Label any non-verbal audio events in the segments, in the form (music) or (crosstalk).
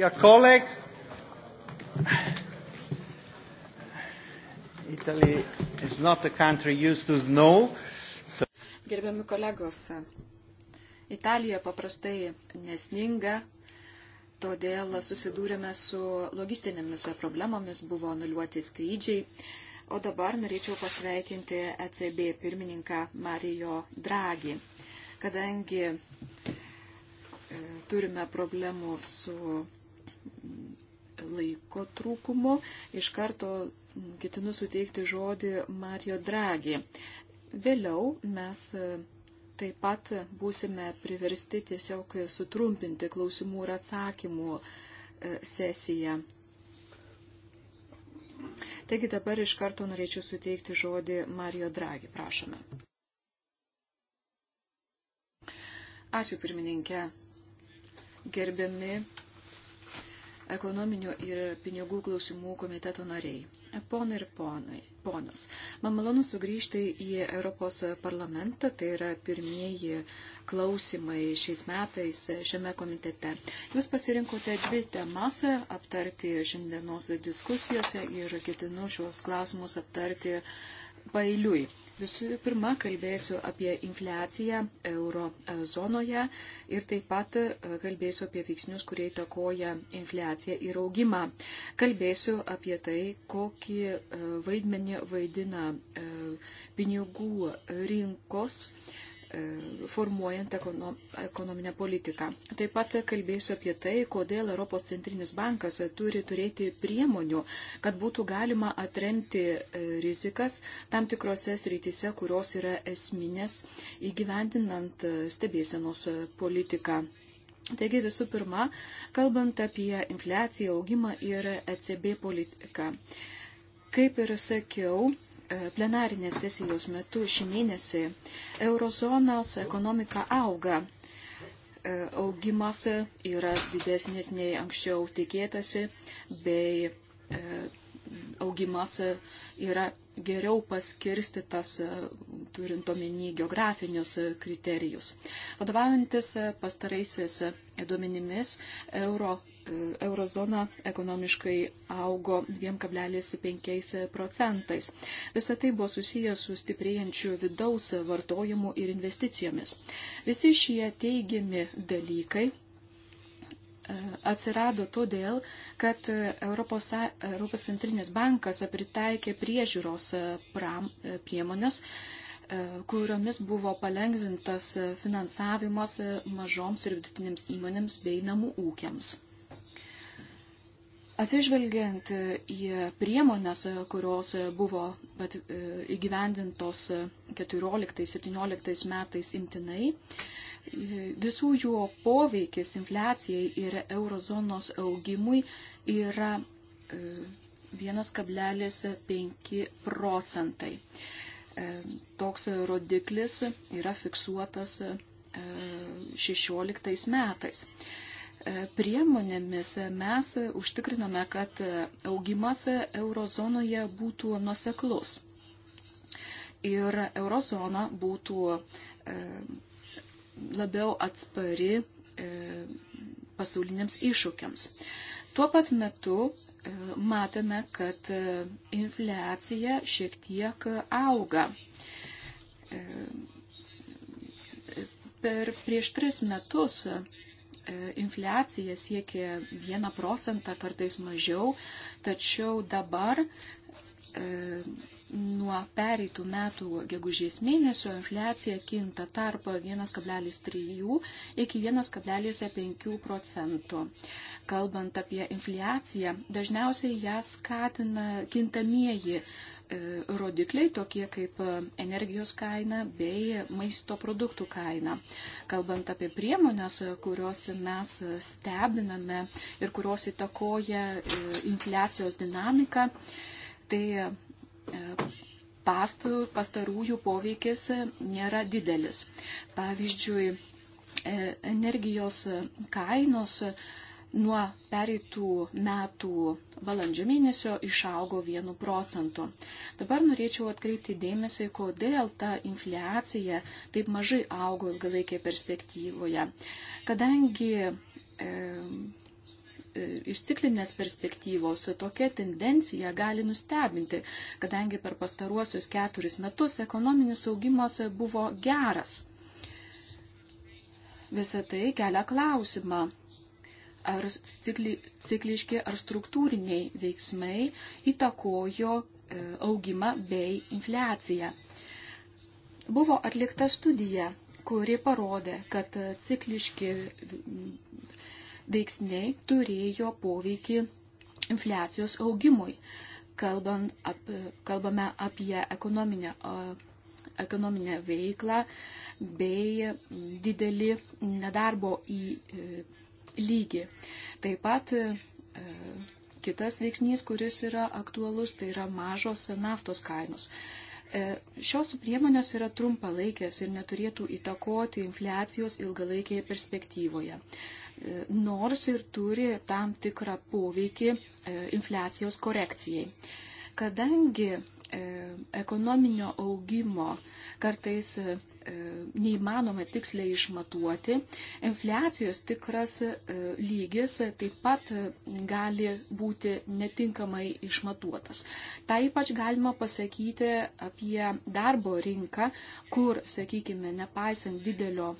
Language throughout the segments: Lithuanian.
Your colleagues, Italy is not a country used to snow. So... Gerbiami kolegos, Italija paprastai nesninga, todėl susidūrėme su logistinėmis problemomis, buvo nuliuoti skrydžiai. O dabar norėčiau pasveikinti ECB pirmininką Marijo Draghi, kadangi e, turime problemų su laiko trūkumu, iš karto ketinu suteikti žodį Mario Draghi. Vėliau mes e, taip pat būsime priversti tiesiog sutrumpinti klausimų ir atsakymų e, sesiją. Taigi dabar iš karto norėčiau suteikti žodį Mario Draghi. Prašome. Ačiū pirmininkė. Gerbiami ekonominių ir pinigų klausimų komiteto nariai. Ponai ir ponai, ponos, man malonu sugrįžti į Europos parlamentą, tai yra pirmieji klausimai šiais metais šiame komitete. Jūs pasirinkote dvi temas aptarti šiandienos diskusijose ir ketinu šios klausimus aptarti uh, pailiui. Visų pirma, kalbėsiu apie infliaciją euro e, zonoje ir taip pat e, kalbėsiu apie veiksnius, kurie įtakoja infliaciją ir augimą. Kalbėsiu apie tai, kokį e, vaidmenį vaidina pinigų rinkos E, formuojant ekonominę politiką. Taip pat kalbėsiu apie tai, kodėl Europos centrinis bankas turi turėti priemonių, kad būtų galima atremti e, rizikas tam tikrose srityse, kurios yra esminės įgyvendinant e, stebėsenos politiką. Taigi visų pirma, kalbant apie infliaciją, augimą ir ECB politiką. Kaip ir sakiau, plenarinės sesijos metu šį mėnesį, eurozonos ekonomika auga. E, augimas yra didesnis nei anksčiau tikėtasi, bei e, augimas yra geriau paskirstytas, e, turint omeny geografinius kriterijus. Vadovaujantis pastaraisiais duomenimis, euro eurozona ekonomiškai augo 2,5 procentais. Visą tai buvo susijęs su stiprėjančiu vidaus vartojimu ir investicijomis. Visi šie teigiami dalykai e, atsirado todėl, kad Europos, Europos centrinis bankas pritaikė priežiūros e, pram, e, priemonės kuriomis buvo palengvintas finansavimas mažoms ir vidutinėms įmonėms bei namų ūkiams. Atsižvelgiant į priemonės, kurios buvo pat, e, įgyvendintos 14-17 metais imtinai, visų jų poveikis infliacijai ir eurozonos augimui yra 1,5 e, procentai. E, toks rodiklis yra fiksuotas 16 metais priemonėmis mes užtikrinome, kad augimas eurozonoje būtų nuseklus ir eurozona būtų e, labiau atspari e, pasauliniams iššūkiams. Tuo pat metu e, matome, kad infliacija šiek tiek auga. Per prieš tris metus E, infliacija siekė 1 procentą, kartais mažiau, tačiau dabar e, nuo pereitų metų gegužės mėnesio infliacija kinta tarp 1,3 iki 1,5 procentų. Kalbant apie infliaciją, dažniausiai ją skatina kintamieji E, rodikliai, tokie kaip e, energijos kaina bei maisto produktų kaina. Kalbant apie priemonės, e, kurios mes stebiname ir kurios įtakoja infliacijos dinamiką, tai pastų, pastarųjų poveikis nėra didelis. Pavyzdžiui, energijos kainos nuo pereitų metų balandžio mėnesio išaugo 1 procentu. Dabar norėčiau atkreipti dėmesį, kodėl ta infliacija taip mažai augo ilgalaikėje perspektyvoje. Kadangi e, e, iš ciklinės perspektyvos tokia tendencija gali nustebinti, kadangi per pastaruosius keturis metus ekonominis augimas buvo geras. Visą tai kelia klausimą, ar cikli, cikliški ar struktūriniai veiksmai įtakojo e, augimą bei infliaciją. Buvo atlikta studija, kuri parodė, kad cikliški veiksniai turėjo poveikį infliacijos augimui. Kalbant ap, kalbame apie ekonominę, ekonominę veiklą bei didelį nedarbo į lygį. Taip pat e, kitas veiksnys, kuris yra aktualus, tai yra mažos naftos kainos. E, šios priemonės yra trumpalaikės ir neturėtų įtakoti infliacijos ilgalaikėje perspektyvoje e, nors ir turi tam tikrą poveikį infliacijos korekcijai. Kadangi ekonominio augimo kartais E, neįmanoma tiksliai išmatuoti. Infliacijos tikras e, lygis taip pat e, gali būti netinkamai išmatuotas. Ta ypač galima pasakyti apie darbo rinką, kur, sakykime, nepaisant didelio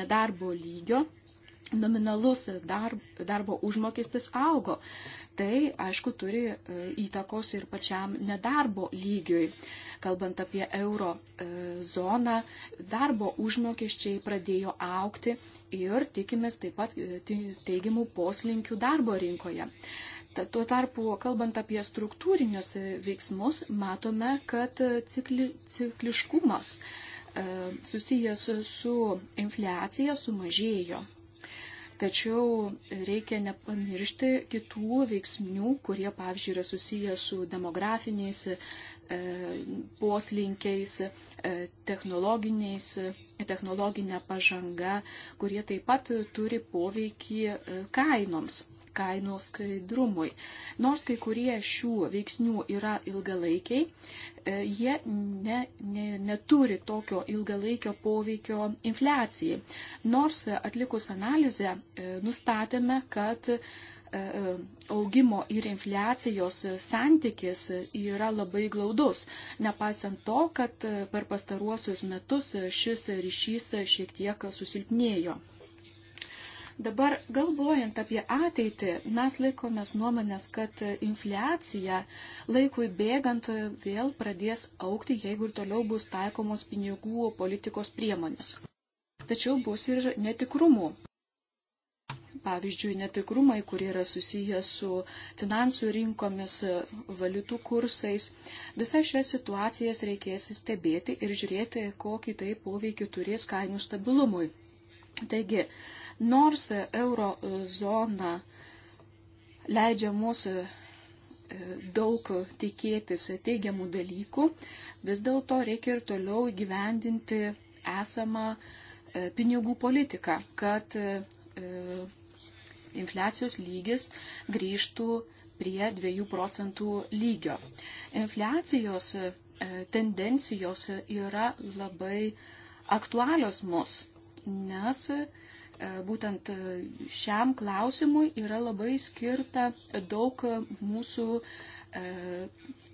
nedarbo lygio, nominalus darb, darbo užmokestis augo. Tai, aišku, turi e, įtakos ir pačiam nedarbo lygiui. Kalbant apie euro e, zoną, darbo užmokesčiai pradėjo aukti ir tikimės taip pat e, teigiamų poslinkių darbo rinkoje. Tuo tarpu, kalbant apie struktūrinius veiksmus, matome, kad cikli, cikliškumas susijęs su infliacija sumažėjo. Tačiau reikia nepamiršti kitų veiksnių, kurie, pavyzdžiui, yra susiję su demografiniais e, poslinkiais, e, technologiniais, technologinė pažanga, kurie taip pat turi poveikį e, kainoms kainų skaidrumui. Nors kai kurie šių veiksnių yra ilgalaikiai, e, jie ne, ne, neturi tokio ilgalaikio poveikio infliacijai. Nors atlikus analizę e, nustatėme, kad e, augimo ir infliacijos santykis yra labai glaudus. Nepaisant to, kad per pastaruosius metus šis ryšys šiek tiek susilpnėjo. Dabar galvojant apie ateitį, mes laikomės nuomonės, kad infliacija laikui bėgant vėl pradės aukti, jeigu ir toliau bus taikomos pinigų politikos priemonės. Tačiau bus ir netikrumų. Pavyzdžiui, netikrumai, kurie yra susiję su finansų rinkomis, valiutų kursais. Visą šią situacijas reikės stebėti ir žiūrėti, kokį tai poveikį turės kainų stabilumui. Taigi, Nors euro zona leidžia mūsų e, daug tikėtis teigiamų dalykų, vis dėlto reikia ir toliau gyvendinti esamą e, pinigų politiką, kad e, infliacijos lygis grįžtų prie 2 procentų lygio. Infliacijos tendencijos yra labai aktualios mus, nes E, būtent e, šiam klausimui yra labai skirta daug mūsų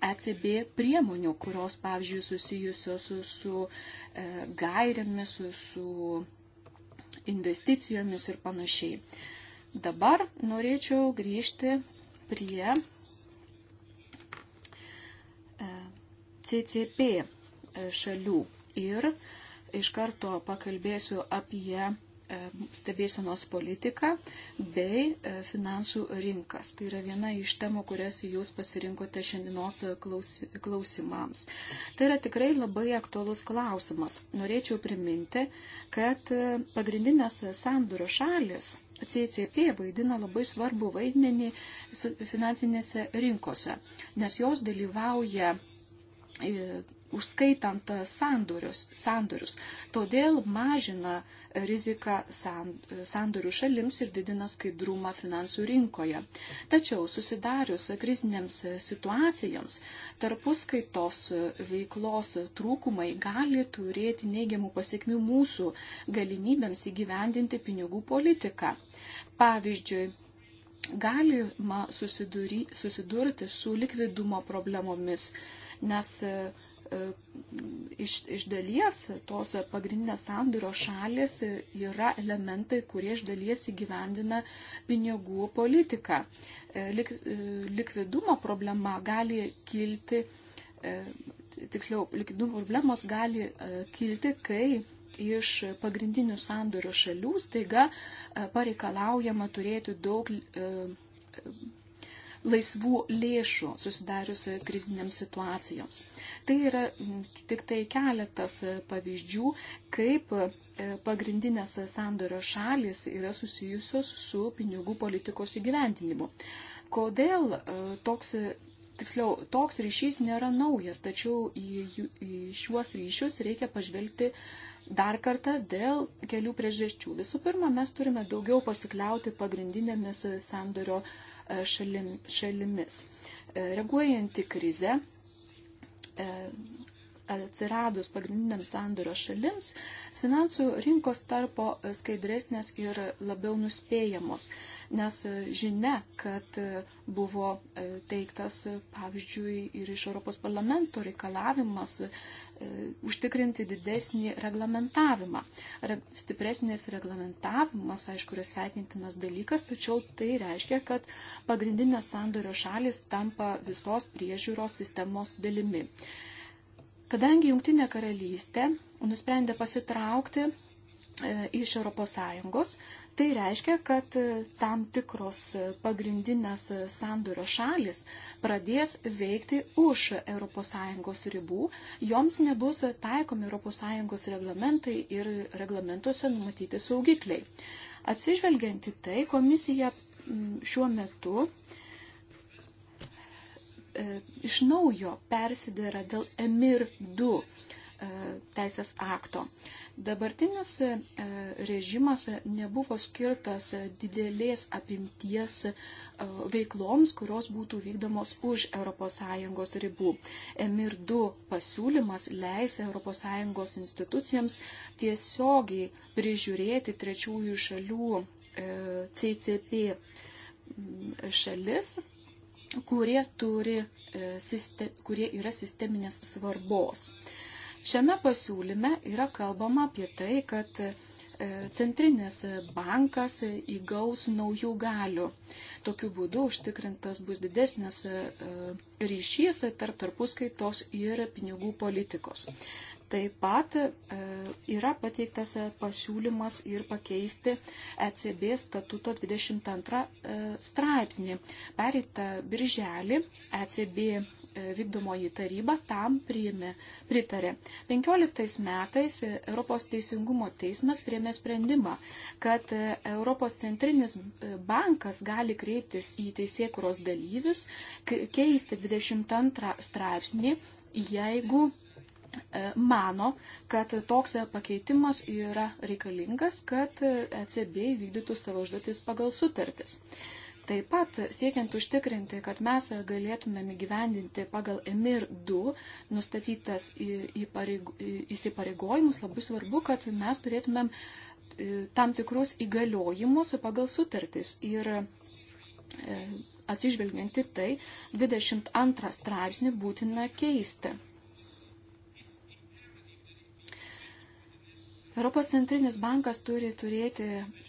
ECB e priemonių, kurios, pavyzdžiui, susijusios su, su gairėmis, su, su investicijomis ir panašiai. Dabar norėčiau grįžti prie CCP šalių ir iš karto pakalbėsiu apie E, stebėsenos politiką bei e, finansų rinkas. Tai yra viena iš temų, kurias jūs pasirinkote šiandienos klausimams. Tai yra tikrai labai aktuolus klausimas. Norėčiau priminti, kad e, pagrindinės sandūro šalis CCP vaidina labai svarbu vaidmenį finansinėse rinkose, nes jos dalyvauja užskaitant sandorius. sandorius. Todėl mažina riziką sandorių šalims ir didina skaidrumą finansų rinkoje. Tačiau susidarius krizinėms situacijoms, tarpuskaitos veiklos trūkumai gali turėti neigiamų pasiekmių mūsų galimybėms įgyvendinti pinigų politiką. Pavyzdžiui, galima susiduri, susidurti su likvidumo problemomis, nes E, iš, iš dalies tos pagrindinės sandorio šalis yra elementai, kurie iš dalies įgyvendina pinigų politiką. E, lik, e, likvidumo problema gali kilti, tiksliau, likvidumo problemos gali kilti, kai iš pagrindinių sandorio šalių staiga pareikalaujama turėti daug laisvų lėšų susidarius kriziniams situacijoms. Tai yra tik tai keletas e, pavyzdžių, kaip e, pagrindinės sandorio šalis yra susijusios su pinigų politikos įgyvendinimu. Kodėl e, toks tiksliau, toks ryšys nėra naujas, tačiau į, į šiuos ryšius reikia pažvelgti dar kartą dėl kelių priežasčių. Visų pirma, mes turime daugiau pasikliauti pagrindinėmis sandorio E, šalim, šalimis. E, reaguojant į krizę, e, atsiradus pagrindiniams sandorio šalims, finansų rinkos tarpo skaidresnės ir labiau nuspėjamos, nes žinia, kad buvo e, teiktas, pavyzdžiui, ir iš Europos parlamento reikalavimas e, užtikrinti didesnį reglamentavimą. Re, stipresnis reglamentavimas, aišku, yra sveikintinas dalykas, tačiau tai reiškia, kad pagrindinės sandorio šalis tampa visos priežiūros sistemos dalimi. Kadangi Junktinė karalystė nusprendė pasitraukti e, iš ES, tai reiškia, kad e, tam tikros pagrindinės sandurio šalis pradės veikti už ES ribų, joms nebus taikomi ES reglamentai ir reglamentuose numatyti saugikliai. Atsižvelgianti tai, komisija šiuo metu uh, E, iš naujo persidėra dėl EMIR 2 e, teisės akto. Dabartinis e, režimas nebuvo skirtas didelės apimties veikloms, kurios būtų vykdomos už ES ribų. EMIR 2 pasiūlymas leis ES institucijams tiesiogiai prižiūrėti trečiųjų šalių CCP šalis kurie, turi, e, kurie yra sisteminės svarbos. Šiame pasiūlyme yra kalbama apie tai, kad e, centrinis bankas įgaus naujų galių. Tokiu būdu užtikrintas bus didesnis e, ryšys tarp tarpuskaitos ir pinigų politikos. Taip pat e, yra pateiktas e, pasiūlymas ir pakeisti ECB statuto 22 e, straipsnį. Pereitą birželį ECB vykdomoji taryba tam priėmė, pritarė. 15 metais Europos teisingumo teismas priėmė sprendimą, kad Europos centrinis bankas gali kreiptis į teisėkuros dalyvius, keisti 22 straipsnį, jeigu E, mano, kad toks pakeitimas yra reikalingas, kad ECB vykdytų savo užduotis pagal sutartis. Taip pat siekiant užtikrinti, kad mes galėtumėm įgyvendinti pagal EMIR 2 nustatytas įsipareigojimus, labai svarbu, kad mes turėtumėm e, tam tikrus įgaliojimus pagal sutartis. Ir e, atsižvelgianti tai, 22 straipsnį būtina keisti. Europos centrinis bankas turi turėti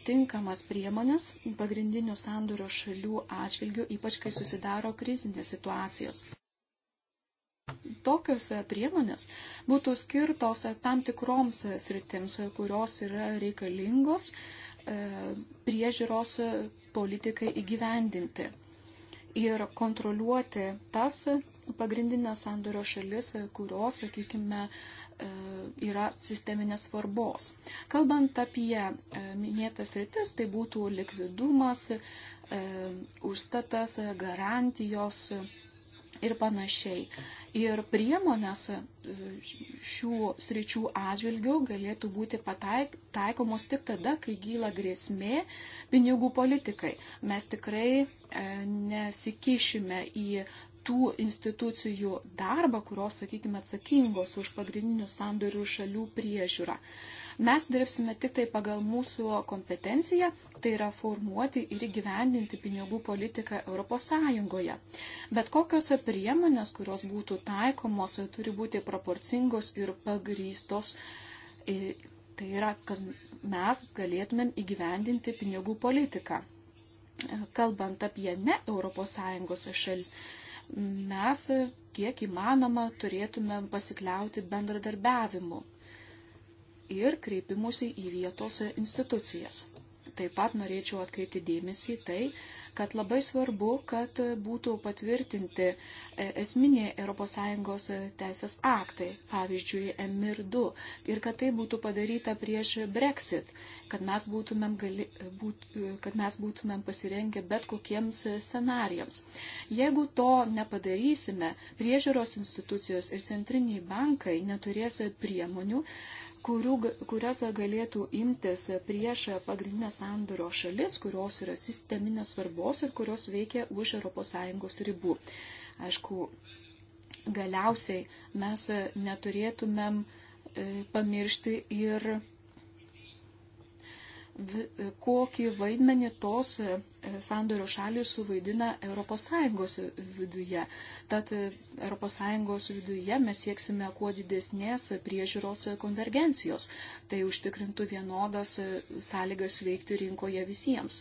tinkamas priemonės pagrindinių sandurio šalių atžvilgių, ypač kai susidaro krizinės situacijos. Tokios e, priemonės būtų skirtos e, tam tikroms e, sritims, kurios yra reikalingos priežiūros politikai įgyvendinti ir kontroliuoti tas pagrindinės sandorio šalis, kurios, sakykime, E, yra sisteminės svarbos. Kalbant apie e, minėtas rytis, tai būtų likvidumas, e, užstatas, garantijos ir panašiai. Ir priemonės šių sričių atžvilgių galėtų būti pataik, taikomos tik tada, kai gyla grėsmė pinigų politikai. Mes tikrai e, nesikišime į tų institucijų darbą, kurios, sakykime, atsakingos už pagrindinių sandorių šalių priežiūrą. Mes dirbsime tik tai pagal mūsų kompetenciją, tai yra formuoti ir įgyvendinti pinigų politiką ES. Bet kokios priemonės, kurios būtų taikomos, turi būti proporcingos ir pagrystos. E, tai yra, kad mes galėtumėm įgyvendinti pinigų politiką kalbant apie ne ES šalis, mes kiek įmanoma turėtume pasikliauti bendradarbiavimu ir kreipimusi į vietos institucijas. Taip pat norėčiau atkreipti dėmesį tai, kad labai svarbu, kad būtų patvirtinti e, esminiai ES teisės aktai, pavyzdžiui, EMIR 2, ir kad tai būtų padaryta prieš Brexit, kad mes būtumėm, gali, būt, kad mes būtumėm pasirengę bet kokiems scenarijams. Jeigu to nepadarysime, priežiūros institucijos ir centriniai bankai neturės priemonių, kurių, kurias galėtų imtis prieš pagrindinę sandorio šalis, kurios yra sisteminės svarbos ir kurios veikia už ES ribų. Aišku, galiausiai mes neturėtumėm e, pamiršti ir kokį vaidmenį tos e, sandorio šalys suvaidina ES viduje. Tad ES viduje mes sieksime kuo didesnės priežiūros konvergencijos. Tai užtikrintų vienodas e, sąlygas veikti rinkoje visiems.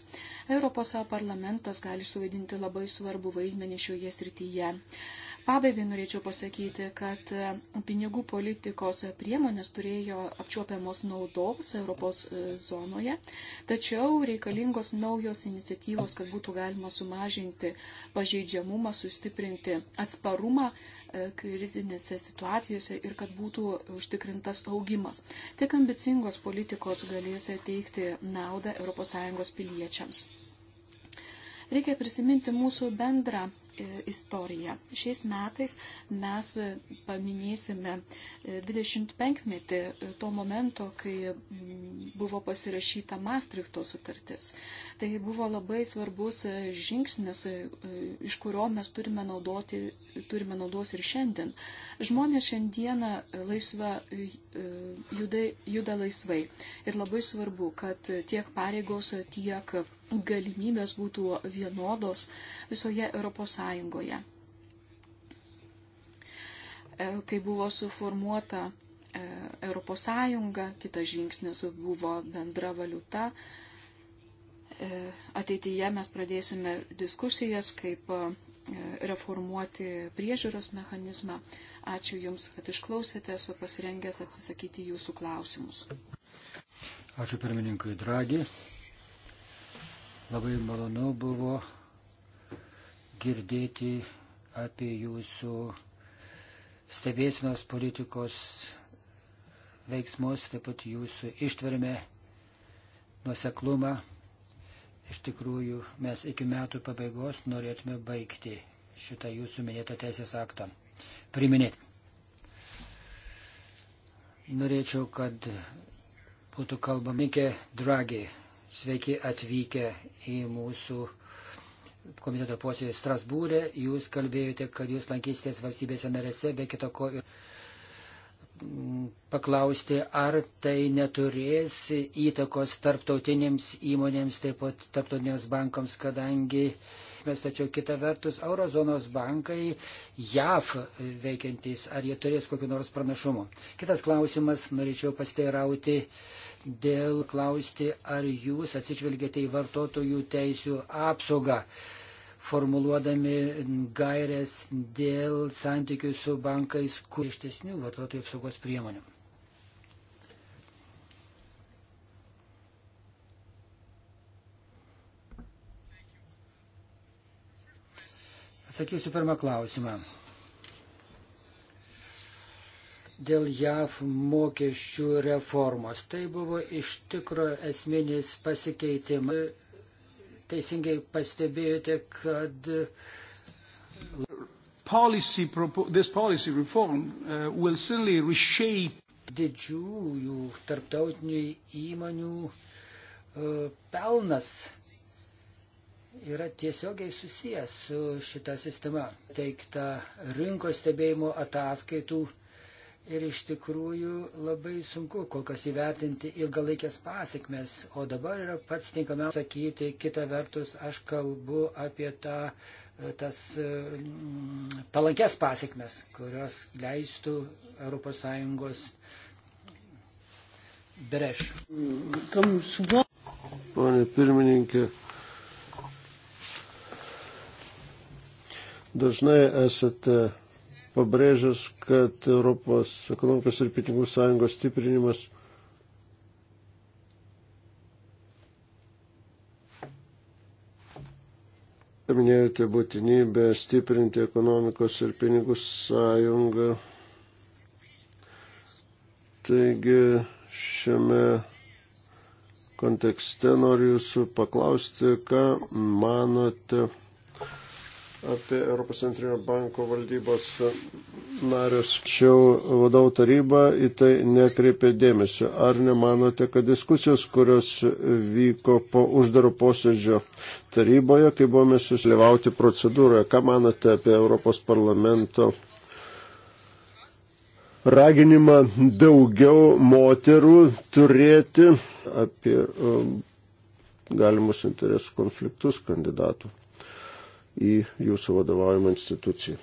ES parlamentas gali suvaidinti labai svarbu vaidmenį šioje srityje. Pabaigai norėčiau pasakyti, kad e, pinigų politikos priemonės turėjo apčiuopiamos naudos Europos e, zonoje, tačiau reikalingos naujos iniciatyvos, kad būtų galima sumažinti pažeidžiamumą, sustiprinti atsparumą e, krizinėse situacijose ir kad būtų užtikrintas augimas. Tik ambicingos politikos galės teikti naudą ES piliečiams. Reikia prisiminti mūsų bendrą E, istoriją. Šiais metais mes paminėsime 25-metį e, e, to momento, kai mm, buvo pasirašyta Maastrichto sutartis. Tai buvo labai svarbus žingsnis, iš kurio mes turime, naudoti, turime naudos ir šiandien. Žmonės šiandieną laisva, juda, juda laisvai ir labai svarbu, kad tiek pareigos, tiek galimybės būtų vienodos visoje Europos Sąjungoje. E, kai buvo suformuota e, Europos Sąjunga, kitas žingsnis buvo bendra valiuta. E, ateityje mes pradėsime diskusijas, kaip reformuoti priežiūros mechanizmą. Ačiū Jums, kad išklausėte, esu pasirengęs atsisakyti Jūsų klausimus. Ačiū pirmininkui Dragi. Labai malonu buvo girdėti apie jūsų stebėsinos politikos veiksmus, taip pat jūsų ištvermę, nuoseklumą. Iš tikrųjų, mes iki metų pabaigos norėtume baigti šitą jūsų minėtą teisės aktą. Priminėti. Norėčiau, kad būtų kalbamikė Dragi Sveiki atvykę į mūsų komiteto posėdį Strasbūrė. Jūs kalbėjote, kad jūs lankysitės valstybėse narėse, be kito ko ir paklausti, ar tai neturės įtakos tarptautinėms įmonėms, taip pat tarptautinėms bankams, kadangi mes tačiau kita vertus eurozonos bankai JAF veikiantys, ar jie turės kokiu nors pranašumu. Kitas klausimas, norėčiau pasteirauti dėl klausti, ar jūs atsižvelgėte į vartotojų teisų apsaugą, formuluodami gairias dėl santykių su bankais, kur ištesnių vartotojų apsaugos priemonių. Atsakysiu pirmą klausimą dėl JAV mokesčių reformos. Tai buvo iš tikro esminis pasikeitimas. Teisingai pastebėjote, kad. Policy, this policy reform uh, will certainly reshape didžiųjų tarptautinių įmonių uh, pelnas yra tiesiogiai susijęs su šita sistema. Teikta rinkos stebėjimo ataskaitų uh, ir iš tikrųjų labai sunku kol kas įvertinti ilgalaikės pasiekmes, o dabar yra pats tinkamiausia sakyti, kita vertus aš kalbu apie tą, tas mm, palankės pasiekmes, kurios leistų ES breš. Pane pirmininkė, dažnai esate pabrėžęs, kad Europos ekonomikos ir pinigų sąjungos stiprinimas Minėjote būtinybę stiprinti ekonomikos ir pinigų sąjungą. Taigi šiame kontekste noriu jūsų paklausti, ką manote apie Europos centrinio banko valdybos narius. Tačiau vadovų taryba į tai nekreipė dėmesio. Ar nemanote, kad diskusijos, kurios vyko po uždaro posėdžio taryboje, kai buvome susilyvauti procedūroje, ką manote apie Europos parlamento raginimą daugiau moterų turėti apie um, galimus interesų konfliktus kandidatų? į jūsų vadovaujamą instituciją.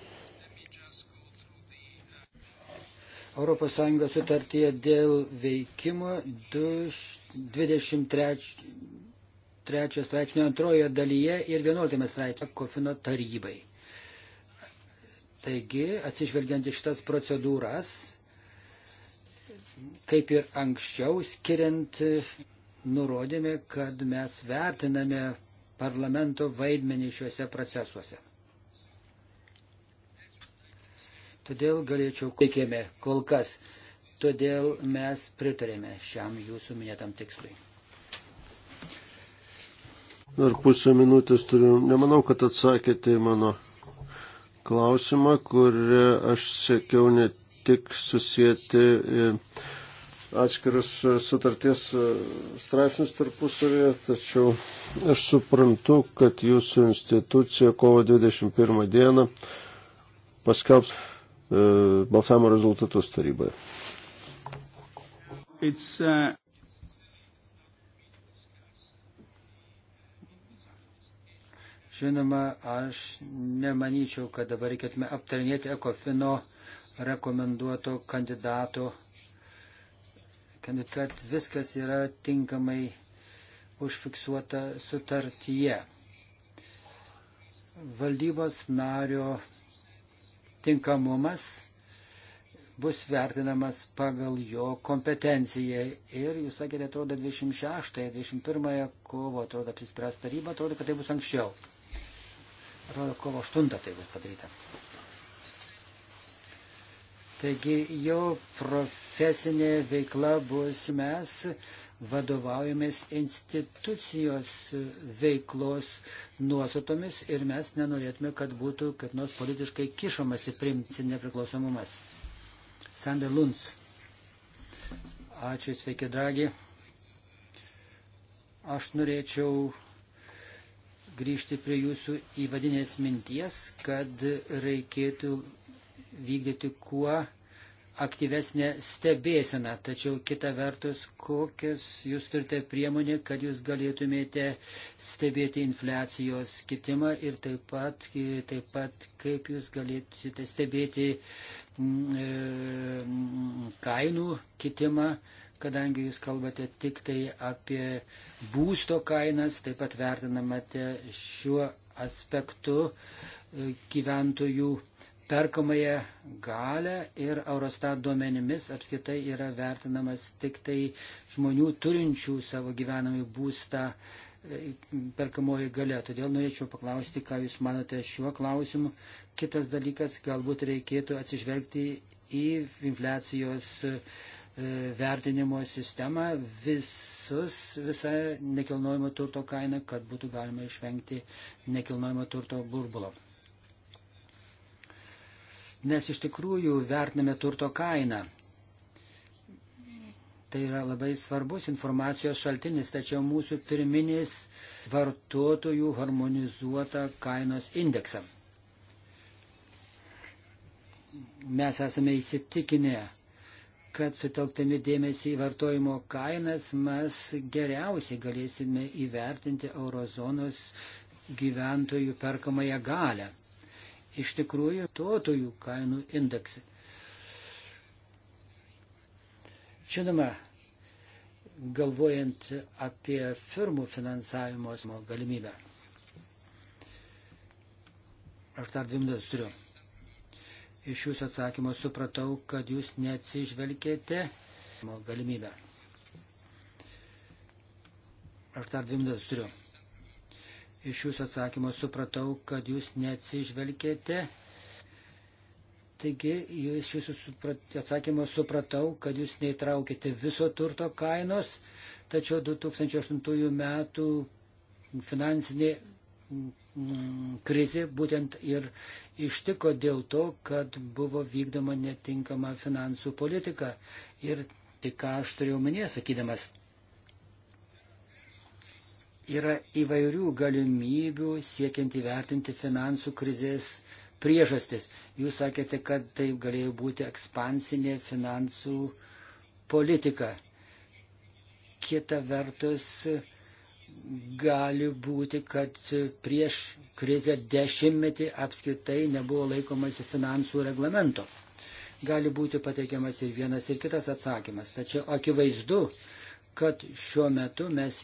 ES sutartyje dėl veikimo 23 straipsnio antrojo dalyje ir 11 straipsnio kofino tarybai. Taigi, atsižvelgiant į šitas procedūras, kaip ir anksčiau skiriant, nurodėme, kad mes vertiname parlamento vaidmenį šiuose procesuose. Todėl galėčiau teikėme kol kas, todėl mes pritarėme šiam jūsų minėtam tikslui. Dar pusę minutės turiu. Nemanau, kad atsakėte į mano klausimą, kurį aš sėkiau ne tik susijęti e, atskirus e, sutarties e, straipsnius tarpusavėje, tačiau aš suprantu, kad jūsų institucija kovo 21 dieną paskelbs e, balsavimo rezultatus taryboje. It's, uh... Žinoma, aš nemanyčiau, kad dabar reikėtume aptarinėti Ekofino rekomenduoto kandidato kad, kad viskas yra tinkamai užfiksuota sutartyje. Valdybos nario tinkamumas bus vertinamas pagal jo kompetenciją. Ir jūs sakėte, atrodo, 26-21 kovo, atrodo, apsispręs taryba, atrodo, kad tai bus anksčiau. Atrodo, kovo 8 tai bus padaryta. Taigi jau profesinė veikla bus mes vadovaujamės institucijos veiklos nuostatomis ir mes nenorėtume, kad būtų kaip nors politiškai kišomasi primti nepriklausomumas. Sander Lunds. Ačiū, sveiki, dragi. Aš norėčiau grįžti prie jūsų įvadinės minties, kad reikėtų vykdyti kuo aktyvesnę stebėseną. Tačiau kita vertus, kokias jūs turite priemonė, kad jūs galėtumėte stebėti infliacijos kitimą ir taip pat, taip pat kaip jūs galėtumėte stebėti mm, e, mm, kainų kitimą, kadangi jūs kalbate tik tai apie būsto kainas, taip pat vertinamate šiuo aspektu e, gyventojų perkamąją galę ir Eurostat duomenimis apskritai yra vertinamas tik tai žmonių turinčių savo gyvenamąjį būstą e, perkamoji galia. Todėl norėčiau paklausti, ką Jūs manote šiuo klausimu. Kitas dalykas, galbūt reikėtų atsižvelgti į infliacijos e, vertinimo sistemą visus, visą nekilnojimo turto kainą, kad būtų galima išvengti nekilnojimo turto burbulo. Mes iš tikrųjų vertiname turto kainą. Tai yra labai svarbus informacijos šaltinis, tačiau mūsų pirminis vartotojų harmonizuota kainos indeksą. Mes esame įsitikinę, kad sutelktami dėmesį į vartojimo kainas mes geriausiai galėsime įvertinti eurozonos gyventojų perkamąją galę iš tikrųjų tuotojų kainų indeksai. Žinoma, galvojant apie firmų finansavimo galimybę. Aš dar dvi minutės turiu. Iš jūsų atsakymo supratau, kad jūs neatsižvelgėte galimybę. Aš dar dvi minutės turiu. Iš jūsų atsakymo supratau, kad jūs neatsižvelgėte. Taigi, iš jūsų suprat, atsakymo supratau, kad jūs neįtraukėte viso turto kainos, tačiau 2008 metų finansinė krizė būtent ir ištiko dėl to, kad buvo vykdoma netinkama finansų politika. Ir tik ką aš turėjau minėti, sakydamas, yra įvairių galimybių siekiant įvertinti finansų krizės priežastis. Jūs sakėte, kad tai galėjo būti ekspansinė finansų politika. Kita vertus, gali būti, kad prieš krizę dešimtmetį apskritai nebuvo laikomasi finansų reglamento. Gali būti pateikiamas ir vienas, ir kitas atsakymas. Tačiau akivaizdu, kad šiuo metu mes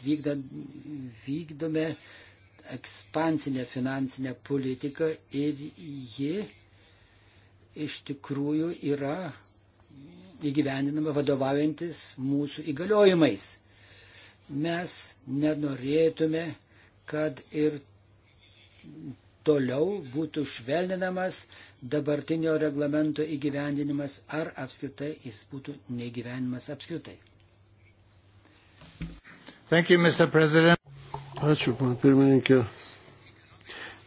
vykdome ekspansinę finansinę politiką ir ji iš tikrųjų yra įgyvendinama vadovaujantis mūsų įgaliojimais. Mes nenorėtume, kad ir toliau būtų švelninamas dabartinio reglamento įgyvendinimas ar apskritai jis būtų neįgyvendinimas apskritai. Thank you, Mr. President. Ačiū, pana pirmininkė.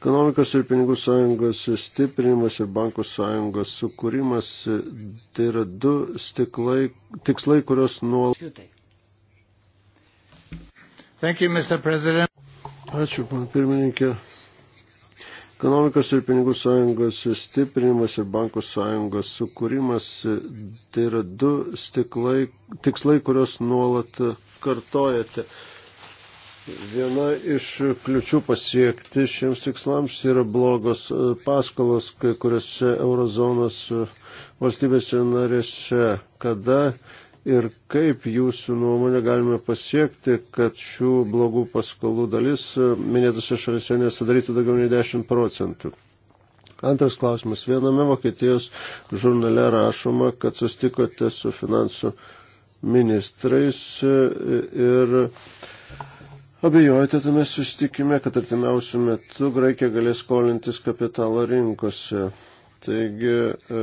Ekonomikos ir pinigų sąjungos stiprinimas ir bankų sąjungos sukūrimas tai yra du stiklai, tikslai, kurios nuolat. Ačiū, pana pirmininkė. Ekonomikos ir pinigų sąjungos stiprinimas ir bankų sąjungos sukūrimas tai yra du stiklai, tikslai, kurios nuolat kartojate. Viena iš kliučių pasiekti šiems tikslams yra blogos e, paskolos kai kuriuose eurozonos e, valstybėse narėse. Kada ir kaip jūsų nuomonė galime pasiekti, kad šių blogų paskolų dalis e, minėtose šalise nesudarytų daugiau nei 10 procentų? Antras klausimas. Viename Vokietijos žurnale rašoma, kad sustikote su finansų ministrais e, ir abejojate tame sustikime, kad artimiausių metų Graikija galės skolintis kapitalo rinkose. Taigi, e,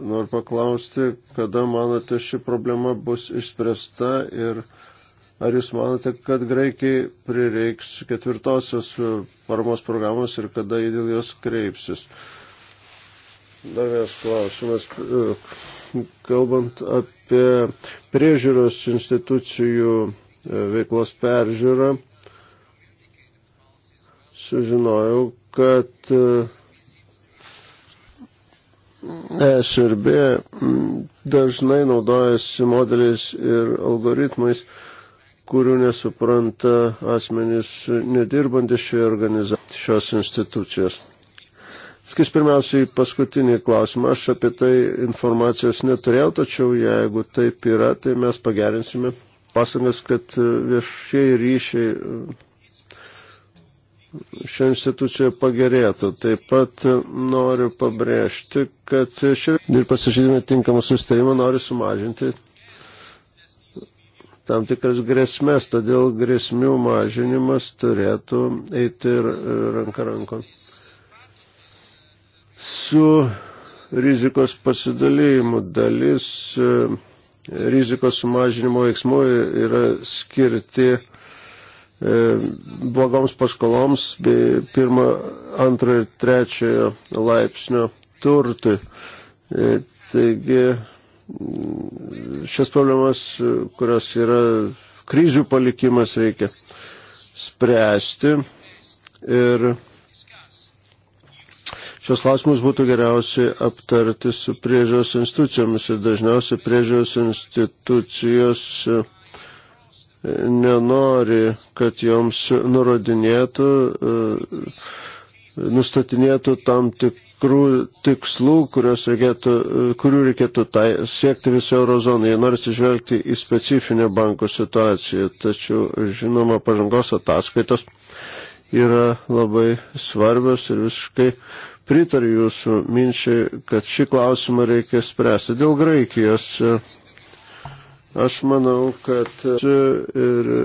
noriu paklausti, kada manote ši problema bus išspręsta ir Ar jūs manote, kad Graikijai prireiks ketvirtosios paramos programos ir kada jį dėl jos kreipsis? Dar vienas klausimas kalbant apie priežiūros institucijų e, veiklos peržiūrą, sužinojau, kad e, SRB dažnai naudojasi modeliais ir algoritmais, kurių nesupranta asmenys nedirbantis šioje organizacijoje, šios institucijos. Skis pirmiausiai paskutinį klausimą. Aš apie tai informacijos neturėjau, tačiau jeigu taip yra, tai mes pagerinsime pasangas, kad e, viešieji ryšiai e, šią instituciją pagerėtų. Taip pat e, noriu pabrėžti, kad ši ir pasižymė tinkamą sustarimą nori sumažinti tam tikras grėsmės, todėl grėsmių mažinimas turėtų eiti ir ranka rankon su rizikos pasidalymu. Dalis e, rizikos sumažinimo veiksmų yra skirti e, blogoms paskoloms bei pirmo, antro ir trečiojo laipsnio turtui. E, taigi šias problemas, kurios yra kryžių palikimas, reikia spręsti. Ir Šios klausimus būtų geriausiai aptarti su priežiūros institucijomis ir dažniausiai priežiūros institucijos e, nenori, kad joms nurodinėtų, e, nustatinėtų tam tikrų tikslų, reikėtų, e, kurių reikėtų tai, siekti visą eurozoną. Jie nori atsižvelgti į specifinę banko situaciją, tačiau žinoma, pažangos ataskaitos yra labai svarbios ir visiškai pritariu jūsų minčiai, kad šį klausimą reikia spręsti. Dėl Graikijos aš manau, kad ir e,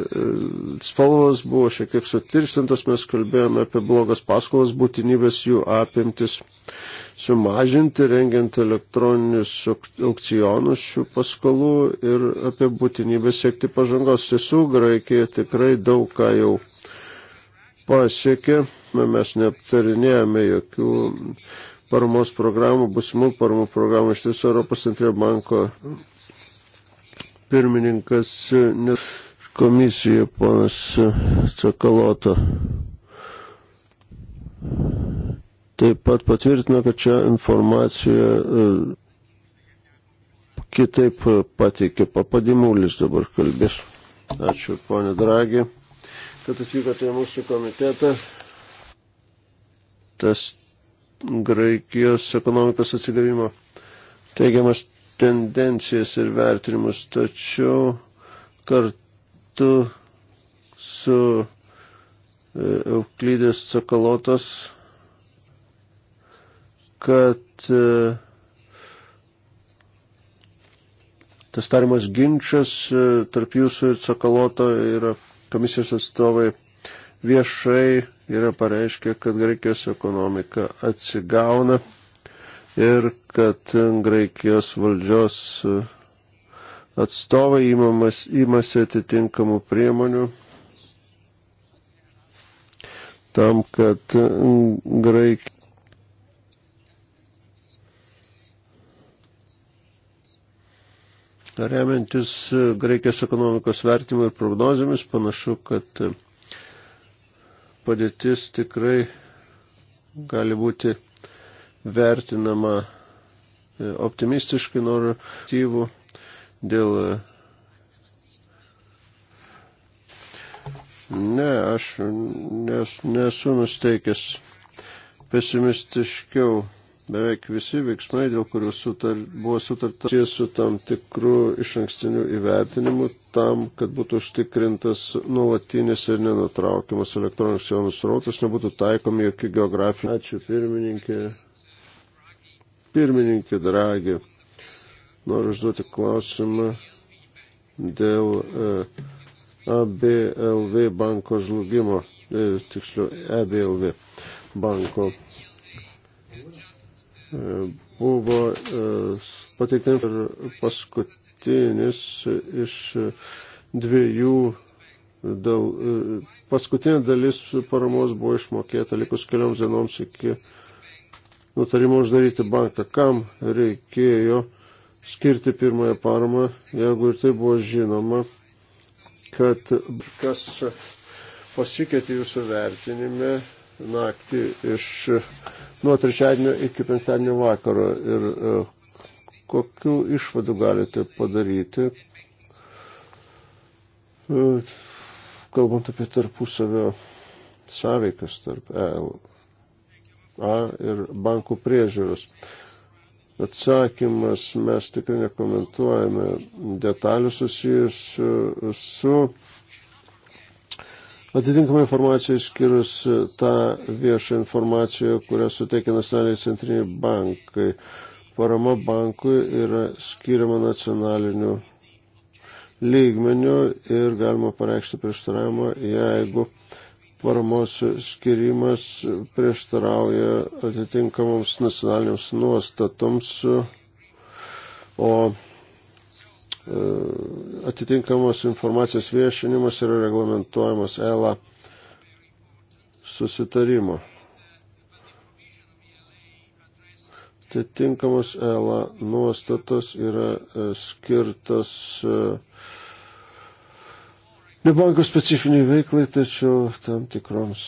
spalvos buvo šiek tiek sutirštintos, mes kalbėjome apie blogas paskolas, būtinybės jų apimtis sumažinti, rengiant elektroninius aukcionus šių paskolų ir apie būtinybę siekti pažangos. Tiesų, Graikija tikrai daug ką jau pasiekė. Mes neaptarinėjame jokių paramos programų, busimų paramos programų. Iš tiesų Europos centrinio banko pirmininkas e, komisija ponas e, Cekaloto taip pat patvirtino, kad čia informacija e, kitaip pateikė papadimulis dabar kalbės. Ačiū, ponė Dragi kad atvykote į mūsų komitetą. Tas Graikijos ekonomikos atsigavimo teigiamas tendencijas ir vertinimus, tačiau kartu su e, Euklydės Cokalotos, kad e, tas tarimas ginčas e, tarp jūsų ir Cokaloto yra komisijos atstovai viešai yra pareiškę, kad Graikijos ekonomika atsigauna ir kad Graikijos valdžios atstovai įmamas, įmasi atitinkamų priemonių tam, kad graik, Remiantis e, Graikijos ekonomikos vertimu ir prognozėmis, panašu, kad e, padėtis tikrai gali būti vertinama e, optimistiškai, noriu aktyvų dėl. Ne, aš nes, nesu nusteikęs pesimistiškiau beveik visi veiksmai, dėl kurių sutar, buvo sutarta, su tam tikrų iš ankstinių įvertinimų tam, kad būtų užtikrintas nuolatinis ir nenutraukiamas elektroninius jaunus rautas, nebūtų taikomi jokių geografinių. Ačiū pirmininkė. Pirmininkė Dragi. Noriu užduoti klausimą dėl e, ABLV banko žlugimo, e, tiksliau EBLV banko buvo e, pateikta ir paskutinis iš dviejų dal, e, paskutinė dalis paramos buvo išmokėta likus kelioms dienoms iki nutarimo uždaryti banką. Kam reikėjo skirti pirmąją paramą, jeigu ir tai buvo žinoma, kad kas pasikeitė jūsų vertinime naktį iš nuo trečiadienio iki penktadienio vakaro ir e, kokiu išvadu galite padaryti, e, kalbant apie tarpusavio sąveikas tarp ELA ir bankų priežiūros. Atsakymas mes tikrai nekomentuojame detalių susijusių su, su atitinkamą informaciją išskyrus e, tą viešą informaciją, kurią suteikia nacionaliniai centriniai bankai. Parama bankui yra skiriama nacionaliniu lygmeniu ir galima pareikšti prieštaravimą, jeigu paramos skirimas prieštarauja atitinkamoms nacionaliniams nuostatoms, o E, atitinkamos informacijos viešinimas yra reglamentuojamas ELA susitarimo. Atitinkamos ELA nuostatos yra e, skirtas e, ne bankų specifiniai veiklai, tačiau tam tikroms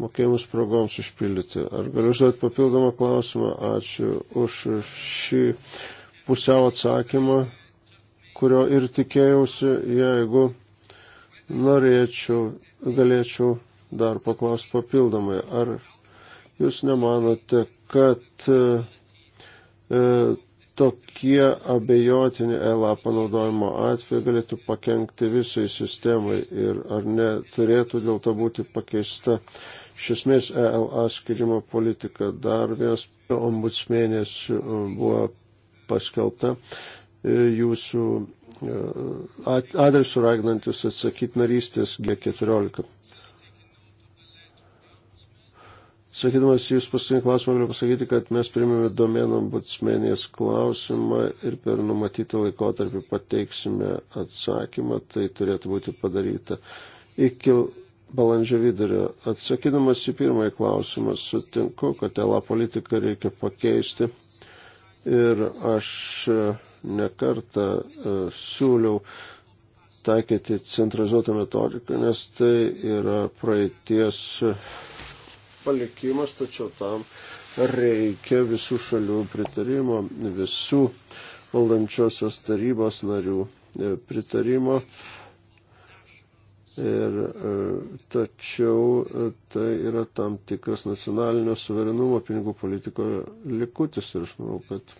mokėjimus progoms užpildyti. Ar galiu užduoti papildomą klausimą? Ačiū už šį pusiau atsakymą kurio ir tikėjausi, jeigu norėčiau, galėčiau dar paklausti papildomai. Ar jūs nemanote, kad e, e tokie abejotini ELA panaudojimo atveju galėtų pakengti visai sistemai ir ar neturėtų dėl to būti pakeista iš esmės ELA skirimo politika. Dar vienas ombudsmenės e, buvo paskelbta jūsų e, adresu raginantis atsakyti narystės G14. Sakydamas jūs paskutinį klausimą galiu pasakyti, kad mes priimėme domenų butsmenės klausimą ir per numatytą laikotarpį pateiksime atsakymą. Tai turėtų būti padaryta iki balandžio vidurio. Atsakydamas į pirmąjį klausimą, sutinku, kad elą politiką reikia pakeisti. Ir aš nekartą e, siūliau taikyti centralizuotą metodiką, nes tai yra praeities palikimas, tačiau tam reikia visų šalių pritarimo, visų valdančiosios tarybos narių e, pritarimo. Ir e, tačiau tai yra tam tikras nacionalinio suverenumo pinigų politikoje likutis ir aš manau, kad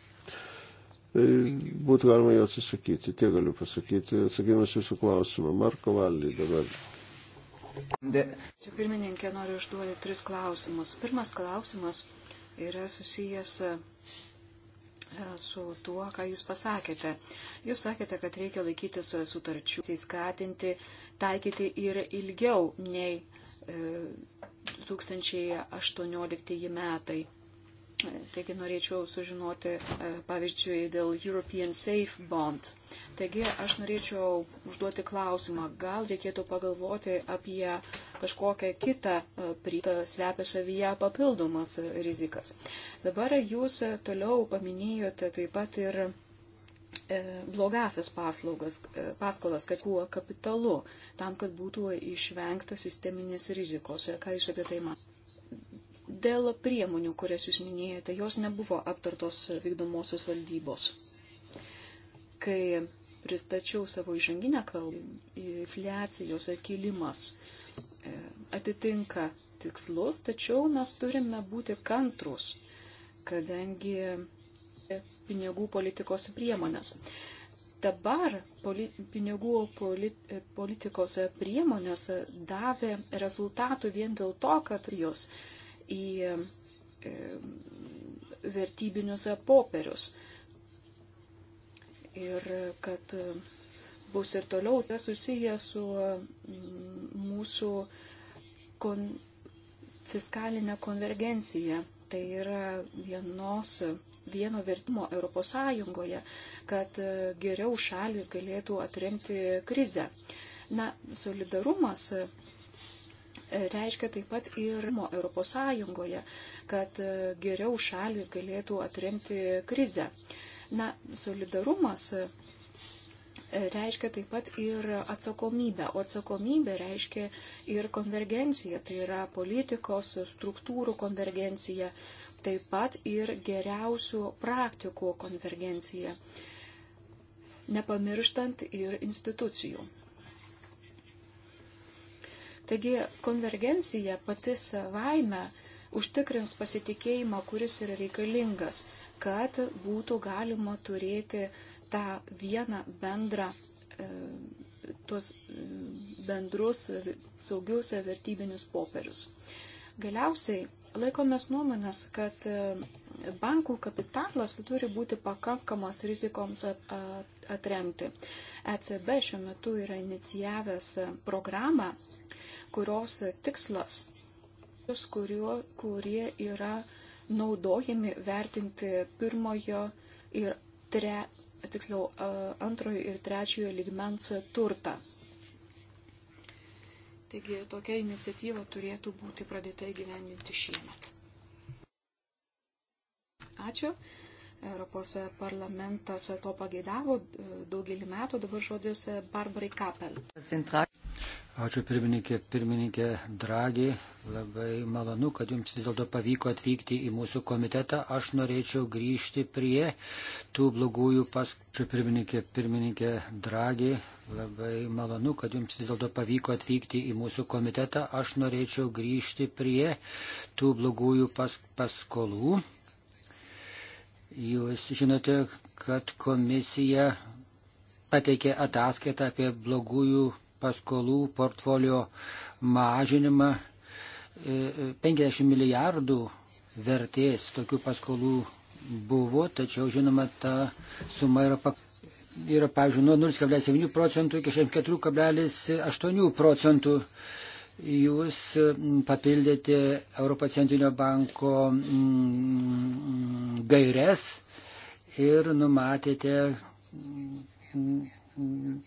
Tai būtų galima jo atsisakyti. Tie galiu pasakyti, atsakymas jūsų klausimą. Marko Valį dabar. Čia pirmininkė noriu užduoti tris klausimus. Pirmas klausimas yra susijęs e, su tuo, ką Jūs pasakėte. Jūs sakėte, kad reikia laikytis sutarčių, įskatinti, taikyti ir ilgiau nei 2018 e, metai. Taigi norėčiau sužinoti, e, pavyzdžiui, dėl European Safe Bond. Taigi aš norėčiau užduoti klausimą, gal reikėtų pagalvoti apie kažkokią kitą e, prytą slepia savyje papildomas rizikas. Dabar jūs toliau paminėjote taip pat ir e, blogasias paslaugas, paskolas, kad kuo kapitalu, tam, kad būtų išvengta sisteminės rizikos. Ką jūs apie tai matote? Dėl priemonių, kurias jūs minėjote, jos nebuvo aptartos vykdomosios valdybos. Kai pristačiau savo įžanginę kalbą, infliacijos kilimas e, atitinka tikslus, tačiau mes turime būti kantrus, kadangi pinigų politikos priemonės. Dabar poli, pinigų polit, politikos priemonės davė rezultatų vien dėl to, kad jos į e, vertybinius popierius. Ir kad bus ir toliau tai susiję su mm, mūsų kon, fiskalinė konvergencija. Tai yra vienos, vieno vertimo ES, kad e, geriau šalis galėtų atremti krizę. Na, solidarumas reiškia taip pat ir Europos Sąjungoje, kad e, geriau šalis galėtų atremti krizę. Na, solidarumas e, reiškia taip pat ir atsakomybę, o atsakomybė reiškia ir konvergenciją, tai yra politikos struktūrų konvergencija, taip pat ir geriausių praktikų konvergencija, nepamirštant ir institucijų. Taigi konvergencija pati savaime užtikrins pasitikėjimą, kuris yra reikalingas, kad būtų galima turėti tą vieną bendrą, e, tuos e, bendrus e, saugius e, vertybinius popierius. Galiausiai laikomės nuomonės, kad bankų kapitalas turi būti pakankamas rizikoms atremti. ECB šiuo metu yra inicijavęs programą kurios tikslas, kurio, kurie yra naudojami vertinti pirmojo ir tre, tiksliau, antrojo ir trečiojo ligmens turtą. Taigi tokia iniciatyva turėtų būti pradėta įgyvendinti šiemet. Ačiū. Europos parlamentas to pageidavo e, daugelį metų, dabar žodis e, Barbarai Kapel. Ačiū pirmininkė, pirmininkė Dragi, labai malonu, kad jums vis dėlto pavyko atvykti į mūsų komitetą. Aš norėčiau grįžti prie tų blogųjų pas. Ačiū pirmininkė, pirmininkė Dragi, labai malonu, kad jums vis dėlto pavyko atvykti į mūsų komitetą. Aš norėčiau grįžti prie tų blogųjų pas, paskolų. Jūs žinote, kad komisija pateikė ataskaitą apie blogųjų paskolų paskolų portfolio mažinimą. 50 e, e, milijardų vertės tokių paskolų buvo, tačiau žinoma, ta suma yra pakankamai yra, pavyzdžiui, nuo 0,7 procentų iki 64,8 procentų. Jūs e, papildėte Europos centrinio banko mm, gairias ir numatėte mm,